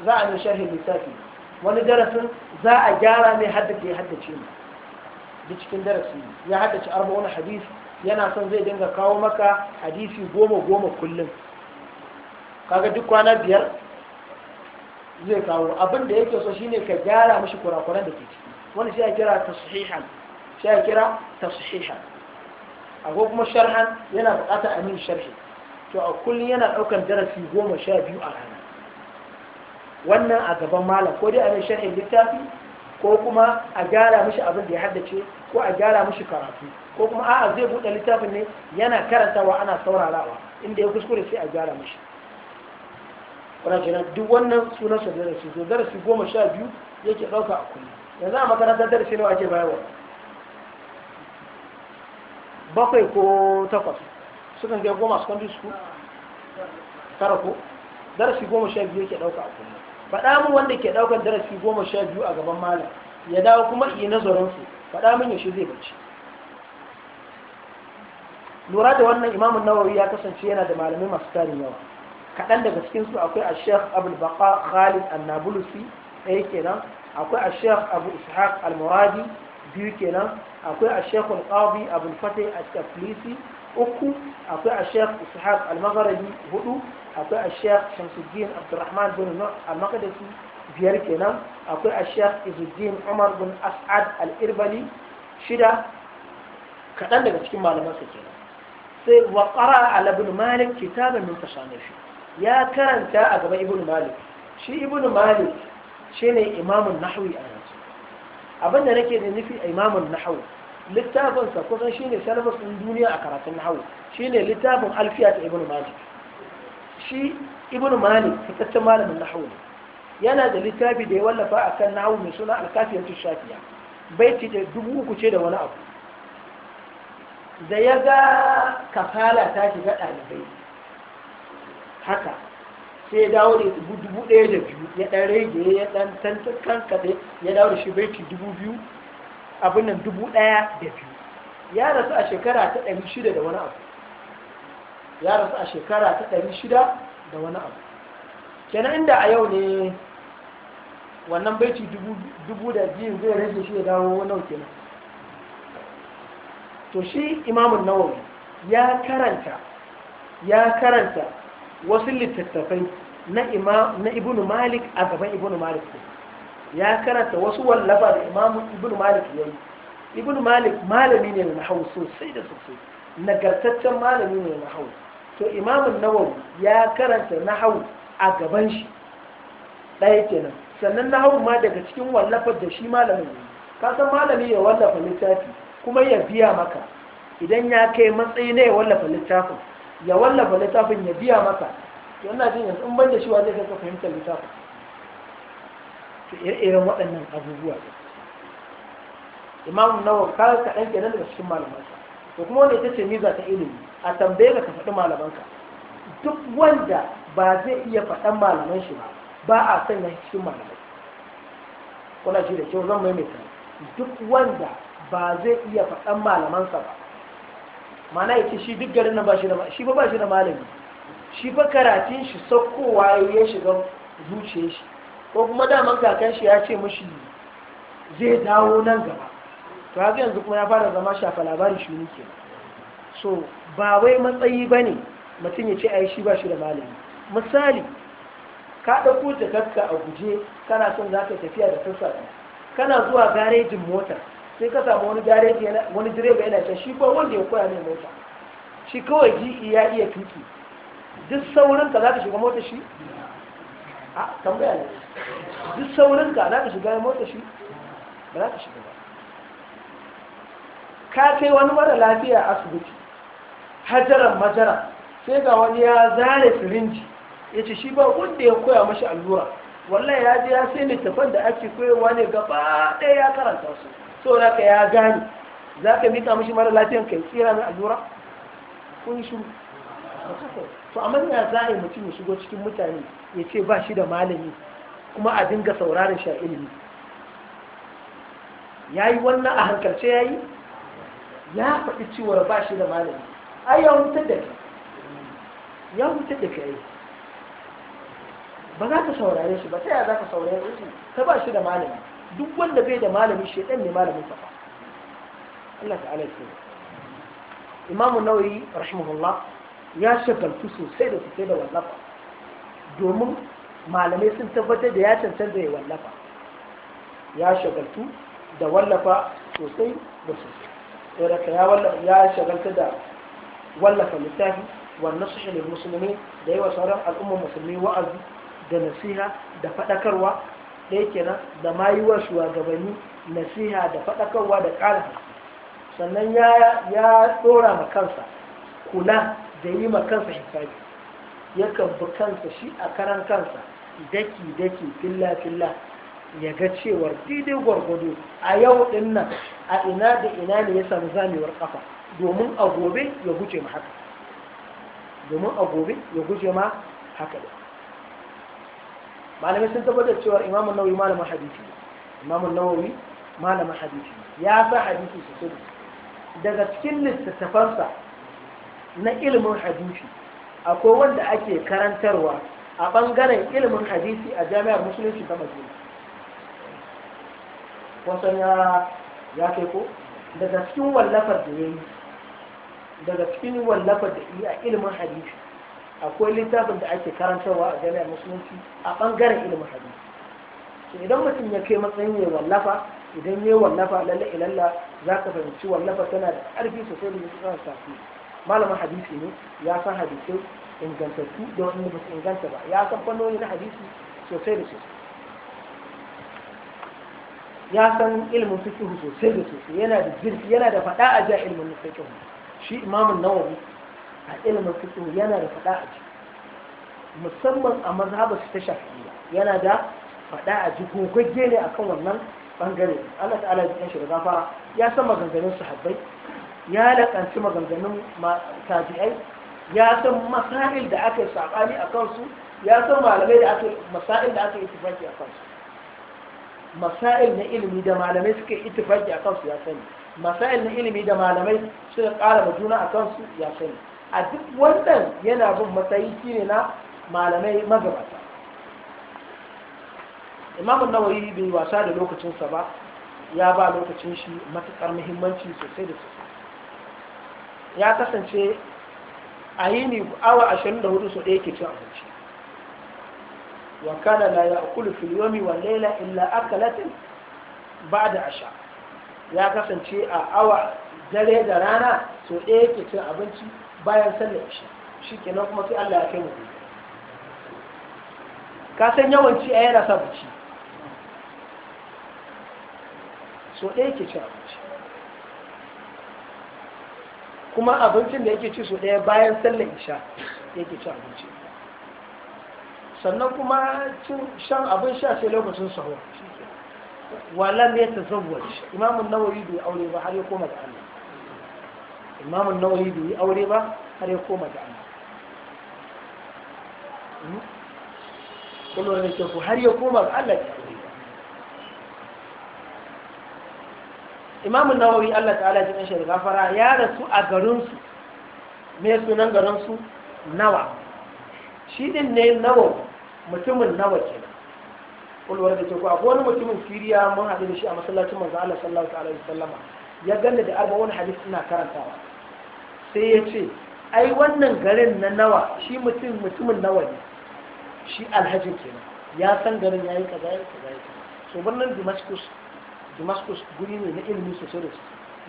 S1: za a yi sharhin lissafi wani darasin za a gyara mai haddace ya haddace ne duk cikin darasi ya haddace arba wani hadisi yana son zai dinga kawo maka hadisi goma goma kullum kaga duk kwana biyar zai kawo abin da yake so shine ka gyara mishi kurakuran da ke ciki wani sai ya kira tashihan sai ya kira akwai kuma sharhan yana buƙatar amin sharhi to a kullum yana ɗaukan darasi goma sha biyu a rana wannan a gaban malam ko dai a mai sharhin littafi ko kuma a gyara mishi abin da ya haddace ko a gyara mishi karatu ko kuma a'a zai buɗe littafin ne yana karantawa ana saurarawa inda ya kuskure sai a gyara mishi wannan jira duk wannan sunan sa darasi to darasi goma sha biyu yake ɗauka a kullum yanzu a makarantar darasi nawa ake bayarwa bakwai ko takwas sukan ga goma secondary school tara ko darasi goma sha biyu ke ɗauka a kullum faɗa min wanda ke ɗaukar darasi goma sha biyu a gaban malam ya dawo kuma iya nazarin su faɗa min yaushe zai bacci lura da wannan imamun nawawi ya kasance yana da malamai masu tarin yawa kaɗan daga cikin su akwai a shekh abul khalid annabulusi ɗaya kenan akwai a shekh abu ishaq al biyu kenan akwai a sheikh al-qadi abul fatih uku akwai a shek ishaq al hudu akwai a shek shamsuddin abdurrahman bin nuh biyar kenan akwai a shek izuddin umar bin as'ad Alirbali shida kaɗan daga cikin malaman su kenan sai wa qara alabin malik kitabin min tasanifi ya karanta a gaba ibn malik shi ibn malik shine imamun nahwi a yanzu abinda nake da nufi imamun nahwi littafinsa kusan shine salafus ɗin duniya a karatun shi shine littafin alfiya ta ibn malik shi ibn malik fitaccen malamin hau yana da littafi da ya wallafa akan nahawu mai suna alkafiyatu shafiya baiti da dubu uku ce da wani abu da ya ga kafala ta shiga ɗalibai haka sai ya dawo da dubu ɗaya da biyu ya ɗan rage ya ɗan tantakan kaɗai ya dawo da shi baiti dubu biyu abin nan dubu ɗaya da biyu ya rasu a shekara ta ɗari shida da wani abu ya rasu a shekara ta ɗari shida da wani abu kenan inda a yau ne wannan baiti dubu da biyu zai rage shi ya dawo auki nan. to shi imamun nawawi ya karanta ya karanta wasu littattafai na ibnu malik a gaban ibnu malik ne ya karanta wasu wallafa da imamu ibn malik ya yi ibn malik malami ne na hau sosai da sosai nagartaccen malami ne na hau to imamun nawawi ya karanta na hau a gaban shi ɗaya kenan sannan na hau ma daga cikin wallafar da shi malamin ne ka san malami ya wallafa littafi kuma ya biya maka idan ya kai matsayi ne ya wallafa littafin ya wallafa littafin ya biya maka to ina jin yanzu in ban da shi wa zai ka fahimtar littafin to ire-iren waɗannan abubuwa imam nawa ka ɗanke kenan daga cikin malamansa to kuma wanda ita ce miza ta ilimi a tambaye ka ka faɗi malamanka duk wanda ba zai iya faɗan malaman shi ba ba a sanya cikin malamai kuna shi da kyau zan maimaita duk wanda ba zai iya faɗan malamansa ba mana yake shi duk garin nan ba shi da shi ba ba shi da malami shi ba karatun shi saukowa ya shiga zuciyar shi ko kuma daman kakan shi ya ce mashi zai dawo nan gaba to haka yanzu kuma ya fara zama shafa labarin shi ne ke so ba wai matsayi ba ne mutum ya ce ai shi ba shi da malami misali ka ɗauko jakarka a guje kana son za ka tafiya da sassafe kana zuwa garejin mota sai ka samu wani gareji wani direba yana can shi ko wanda ya koya ne mota shi kawai ji e ya iya tuki duk saurin ka za ka shiga mota shi a tambaya ne duk saurin ka na ka shiga ya motsa shi ba za ka shiga ba ka kai wani mara lafiya a asibiti hajaran majara sai ga wani ya zare sirinji ya ce shi ba wanda ya koya mashi allura wallahi ya je ya sai littafan da ake koyarwa ne gaba ɗaya ya karanta su saboda ka ya gane za ka mika mashi mara lafiyan kai tsira mai allura kun shiru to amma ya za a yi mutum ya shigo cikin mutane ya ce ba shi da malami kuma a dinga sauraron shi a ilimi ya yi wannan a hankalce ya yi ya faɗi cewar ba shi da malami ai ya hutar da ke ya hutar da kai ba za ka saurare shi ba ta yaya za ka saurare shi ta ba shi da malami duk wanda bai da malami shi ɗan ne malamin sa Allah ta'ala ya Imamu Nauyi rahimahullah ya shagaltu sosai da sosai da wallafa domin malamai sun tabbatar da ya cancanta ya wallafa ya shagaltu da wallafa sosai da sosai da ya wallafa shagalta da wallafa littafi wannan su shirin musulmi da yawa sauran al'ummar musulmi wa'azi da nasiha da faɗakarwa yake kenan da ma yi wa shugabanni nasiha da faɗakarwa da ƙara sannan ya ɗora ma kansa kula da yi ma kansa hisabi yakan bi kansa shi a karan kansa daki daki filla filla ya ga cewar daidai gwargwado a yau din nan a ina da ina ne ya samu zamewar kafa domin a gobe ya guje ma haka domin a gobe ya guje ma haka da malamai sun tabbatar cewar imamun Na'uyi malamin hadisi imamun Na'uyi malamin hadisi ya sa hadisi sosai daga cikin littattafansa na ilimin hadisi akwai wanda ake karantarwa a bangaren ilimin hadisi a jami'ar musulunci ta madina wasan ya ya kai ko daga cikin wallafar da ya daga cikin wallafar da yi a ilimin hadisi akwai littafin da ake karantarwa a jami'ar musulunci a bangaren ilimin hadisi to idan mutum ya kai matsayin ya wallafa idan ya wallafa lalla ilalla za ka fahimci wallafa tana da ƙarfi sosai da mutum sa malamin hadisi ne ya san hadisai ingantattu da wanda ba su inganta ba ya san fannoni na hadisi sosai da sosai ya san ilmin fikihu sosai da sosai yana da zirfi yana da fada a ja ilmin fikihu shi imamun nawawi a ilmin fikihu yana da faɗa a ji musamman a mazhabar su ta shafi'iyya yana da faɗa a ji gogagge ne a kan wannan bangare Allah ta'ala jikin shi da ya san maganganun sahabbai ya lakanci maganganun tabi'ai ya san masail da aka yi a kansu ya san malamai da aka masail da aka yi itifaki a kansu masail na ilimi da malamai suka yi itifaki a kansu ya sani masail na ilimi da malamai suka ƙara ma juna a kansu ya sani a duk wannan yana bin matsayi shine na malamai magabata imam nawawi bai wasa da lokacinsa ba ya ba lokacin shi matuƙar muhimmanci sosai da sosai ya kasance a yi ne awa ashirin da hudu sau ɗaya ke cin abinci wa kana la ya'kulu fil yawmi wa layla illa akalatin ba'da asha ya kasance a awa dare da rana sau ɗaya ke cin abinci bayan sallar isha shikenan kuma sai Allah ya kai mu ka san yawanci a yana sa bacci so ɗaya ke cin abinci kuma abincin da yake ci so ɗaya bayan sallar isha yake ci abinci sannan kuma cin shan abin sha sai lokacin sahur wala walam ya tazawwaj imamun nawawi bai aure ba har ya koma da Allah imamun nawawi bai yi aure ba har ya koma da Allah hmm? kullum ne ku har ya koma ga Allah imamun nawawi Allah ta'ala ji kan gafara ya rasu a garinsu me sunan garinsu nawa shi din ne nawa mutumin nawa kenan kulwar da ke ko akwai wani mutumin siriya mun haɗu da shi a masallacin manzo Allah sallallahu alaihi wasallama ya ganni da arba wani hadisi ina karantawa sai ya ce ai wannan garin na nawa shi mutum mutumin nawa ne shi alhaji kenan ya san garin yayi kaza yayi kaza so birnin Damascus damascus guri ne na ilimi sosai da su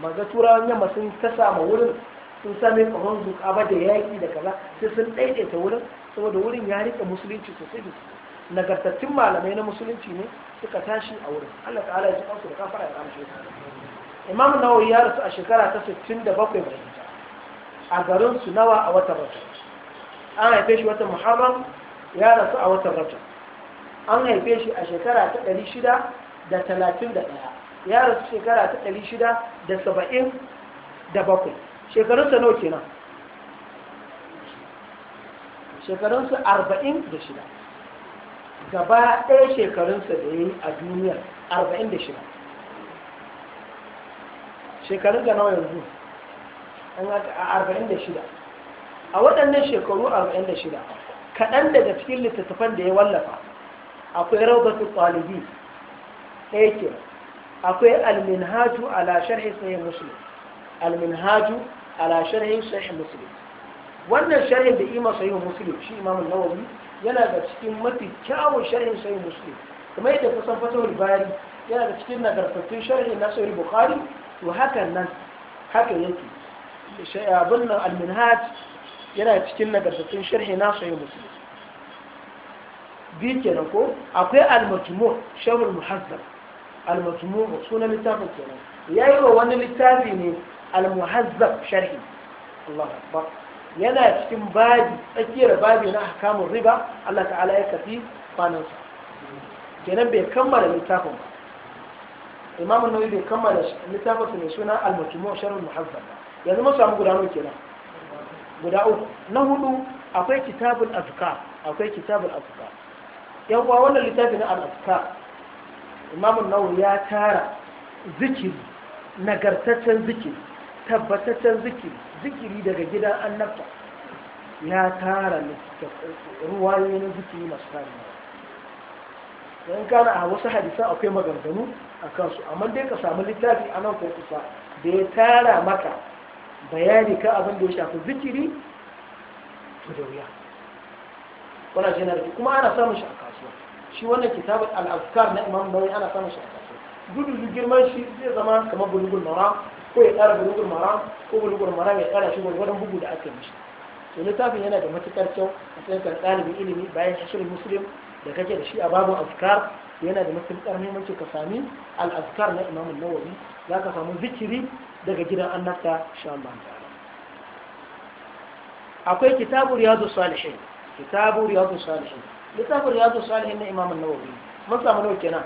S1: maza turawan yamma sun ta sama wurin sun sami zuka ba da yaƙi da kaza sai sun ɗaiɗaita wurin saboda wurin ya rika musulunci sosai da su nagartattun malamai na musulunci ne suka tashi a wurin allah ta'ala ya kansu da kafara da amshe su imamu nawawi ya rasu a shekara ta 67 bai a garin su nawa a watan rata an haife shi watan muharram ya rasu a watan rata an haife shi a shekara ta 600 da talatin da ɗaya ya rasu shekara ta ɗari shida da saba'in da bakwai shekarunsa nawa kenan shekarunsa arba'in da shida gaba ɗaya shekarunsa da yi a duniyar arba'in da shida shekarun da nawa yanzu an a arba'in da shida a waɗannan shekaru arba'in da shida kaɗan daga cikin littattafan da ya wallafa akwai rawdatul talibi ɗaya ke akwai alminhaju ala sharhi sahih muslim alminhaju ala sharhi sahih muslim wannan sharhin da ima sahih muslim shi imam nawawi yana da cikin mafi kyawun sharhin sahih muslim kuma yadda kusan fatawul bari yana da cikin nagartattun sharhin na sahih bukhari to haka nan haka yake abin nan alminhaj yana cikin nagartattun sharhin na sahih muslim bi kenan ko akwai al-majmu' sharhul muhazzab al-matmu'u sunan littafin kenan yayi wa wani littafi ne al-muhazzab yana cikin tsakiyar babi na hakamun riba Allah ta'ala ya kafi kwanansa kenan bai kammala littafin ba imamun nawawi kammala littafin mai suna al-mutmu sharh yanzu mun samu guda uku kenan na hudu akwai kitabul azkar akwai uwa wannan littafin na al imamun nawawi ya tara zikiri nagartaccen zikiri tabbataccen zikiri zikiri daga gidan annabta ya tara ruwayoyi na zikiri masu tarihi. don kana a wasu hadisan akwai maganganu a kansu amma dai ka samu littafi a nan kusa da ya tara maka bayani ka abin da ya shafi zikiri to da wuya wana shi kuma ana samun shi a shi wannan kitabul al na imam nawawi ana samun shi a kasuwa gudu girman shi zai zama kamar bulugul Mara, ko ya ƙara bulugul Mara, ko bulugul maram ya ƙara shi gwargwadon bugu da aka mishi to littafin yana da matukar kyau a tsayinkan ɗalibin ilimi bayan shirin muslim da kake da shi a babu Afkar yana da matukar muhimmanci ka sami al na imam nawawi za ka samu zikiri daga gidan annabta insha akwai kitabu riyadu salihin kitabu riyadu salihin لتابع رياض الصالحين إمام النووي من نووي كنا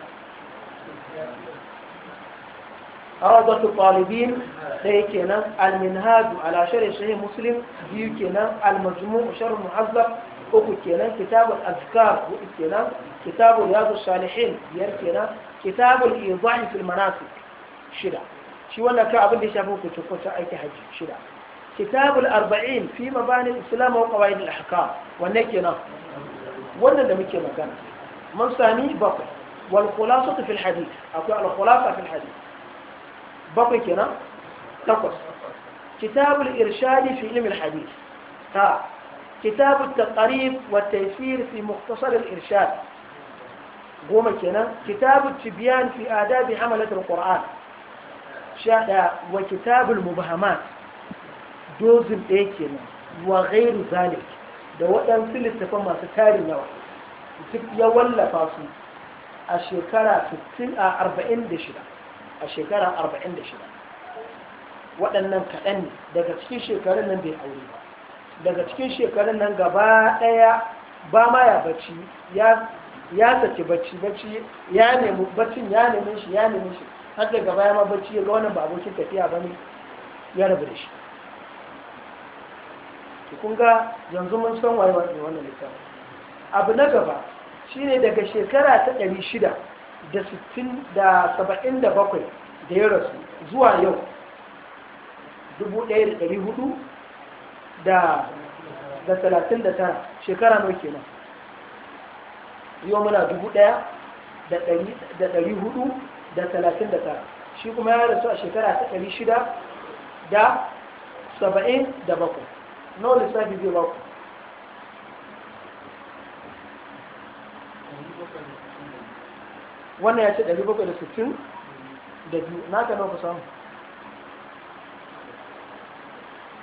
S1: أرادة الطالبين هي كنا المنهاج على شر الشيء مسلم هي كنا المجموع شر المعذب أو كنا كتاب الأذكار هو كنا كتاب رياض الصالحين هي كنا كتاب الإيضاح في المناسك شرع شو أنا كأبن شافوك تشوفوا شيء كهج شرع كتاب الأربعين في مباني الإسلام وقواعد الأحكام ونكنا wannan da muke magana mun sami bakwai wal khulasatu fil hadith akwai al khulasa fil hadith bakwai kenan takwas kitabul irshadi fi ilmi al hadith ta كتاب التقريب والتيسير في مختصر الإرشاد goma kenan kitabu tibyan fi adabi hamalat alquran sha da wa kitabul mubahamat dozin ɗaya kenan wa ghairu zalik da waɗansu littafan masu tarin yawa duk ya wallafa su a shekara 46 a shekara 46 waɗannan kaɗan ne daga cikin shekarun nan bai aure ba daga cikin shekarun nan gaba ɗaya ba ma ya bacci ya sake bacci bacci ya nemi baccin ya nemi shi ya nemi shi har daga baya ma bacci ya ga wannan ba abokin tafiya ba ne ya rabu da shi to kun ga yanzu mun san waye ne wannan littafin abu na gaba shine daga shekara ta ɗari shida da sittin da saba'in da bakwai da ya rasu zuwa yau dubu ɗaya da ɗari hudu da talatin da tara shekara mai kenan yau muna dubu ɗaya da ɗari hudu da talatin da tara shi kuma ya rasu a shekara ta ɗari shida da saba'in da bakwai nawa lissafi zai ba ku wannan ya ce 760 da biyu naka nawa ku samu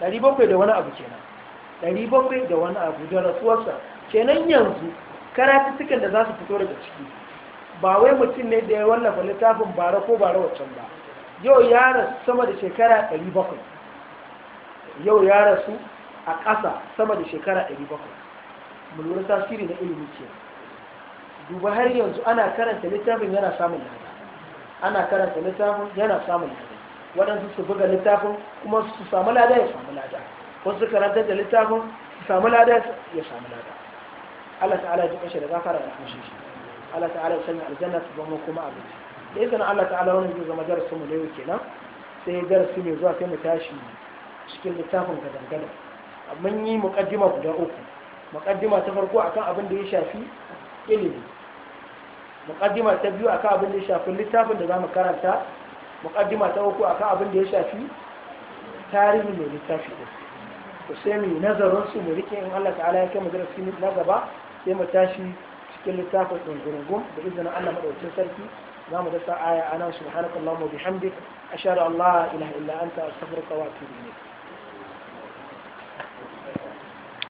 S1: 700 da wani abu kenan 700 da wani abu da rasuwarsa kenan yanzu karatuttukan da za su fito daga ciki ba wai mutum ne da ya wallafa littafin bara ko bara waccan ba yau ya rasu sama da shekara 700 yau ya rasu a ƙasa sama da shekara 700 mulwar tasiri na ilimin ke duba har yanzu ana karanta littafin yana samun lada ana karanta littafin yana samun lada waɗansu su buga littafin kuma su samu lada ya samu lada wasu karanta da littafin su samu lada ya samu lada Allah ta'ala ya ji kashe da zafara da kuma shi Allah ta'ala ya sanya aljanna su zama kuma abinci da izinin Allah ta'ala wani zai zama darasin mu ne kenan sai darasi mai zuwa sai mu tashi cikin littafin ga dangane. mun yi mukaddima guda uku mukaddima ta farko akan abin da ya shafi ilimi mukaddima ta biyu akan abin da ya shafi littafin da za mu karanta mukaddima ta uku akan abin da ya shafi tarihin ne littafi ɗin to sai mu nazarin su mu rike in Allah ta'ala ya kai mu darasi na gaba sai mu tashi cikin littafin ɗungurungun da izinin Allah madaukakin sarki za mu dasa aya anan subhanakallahumma bihamdik ashhadu an la ilaha illa anta astaghfiruka wa atubu ilayk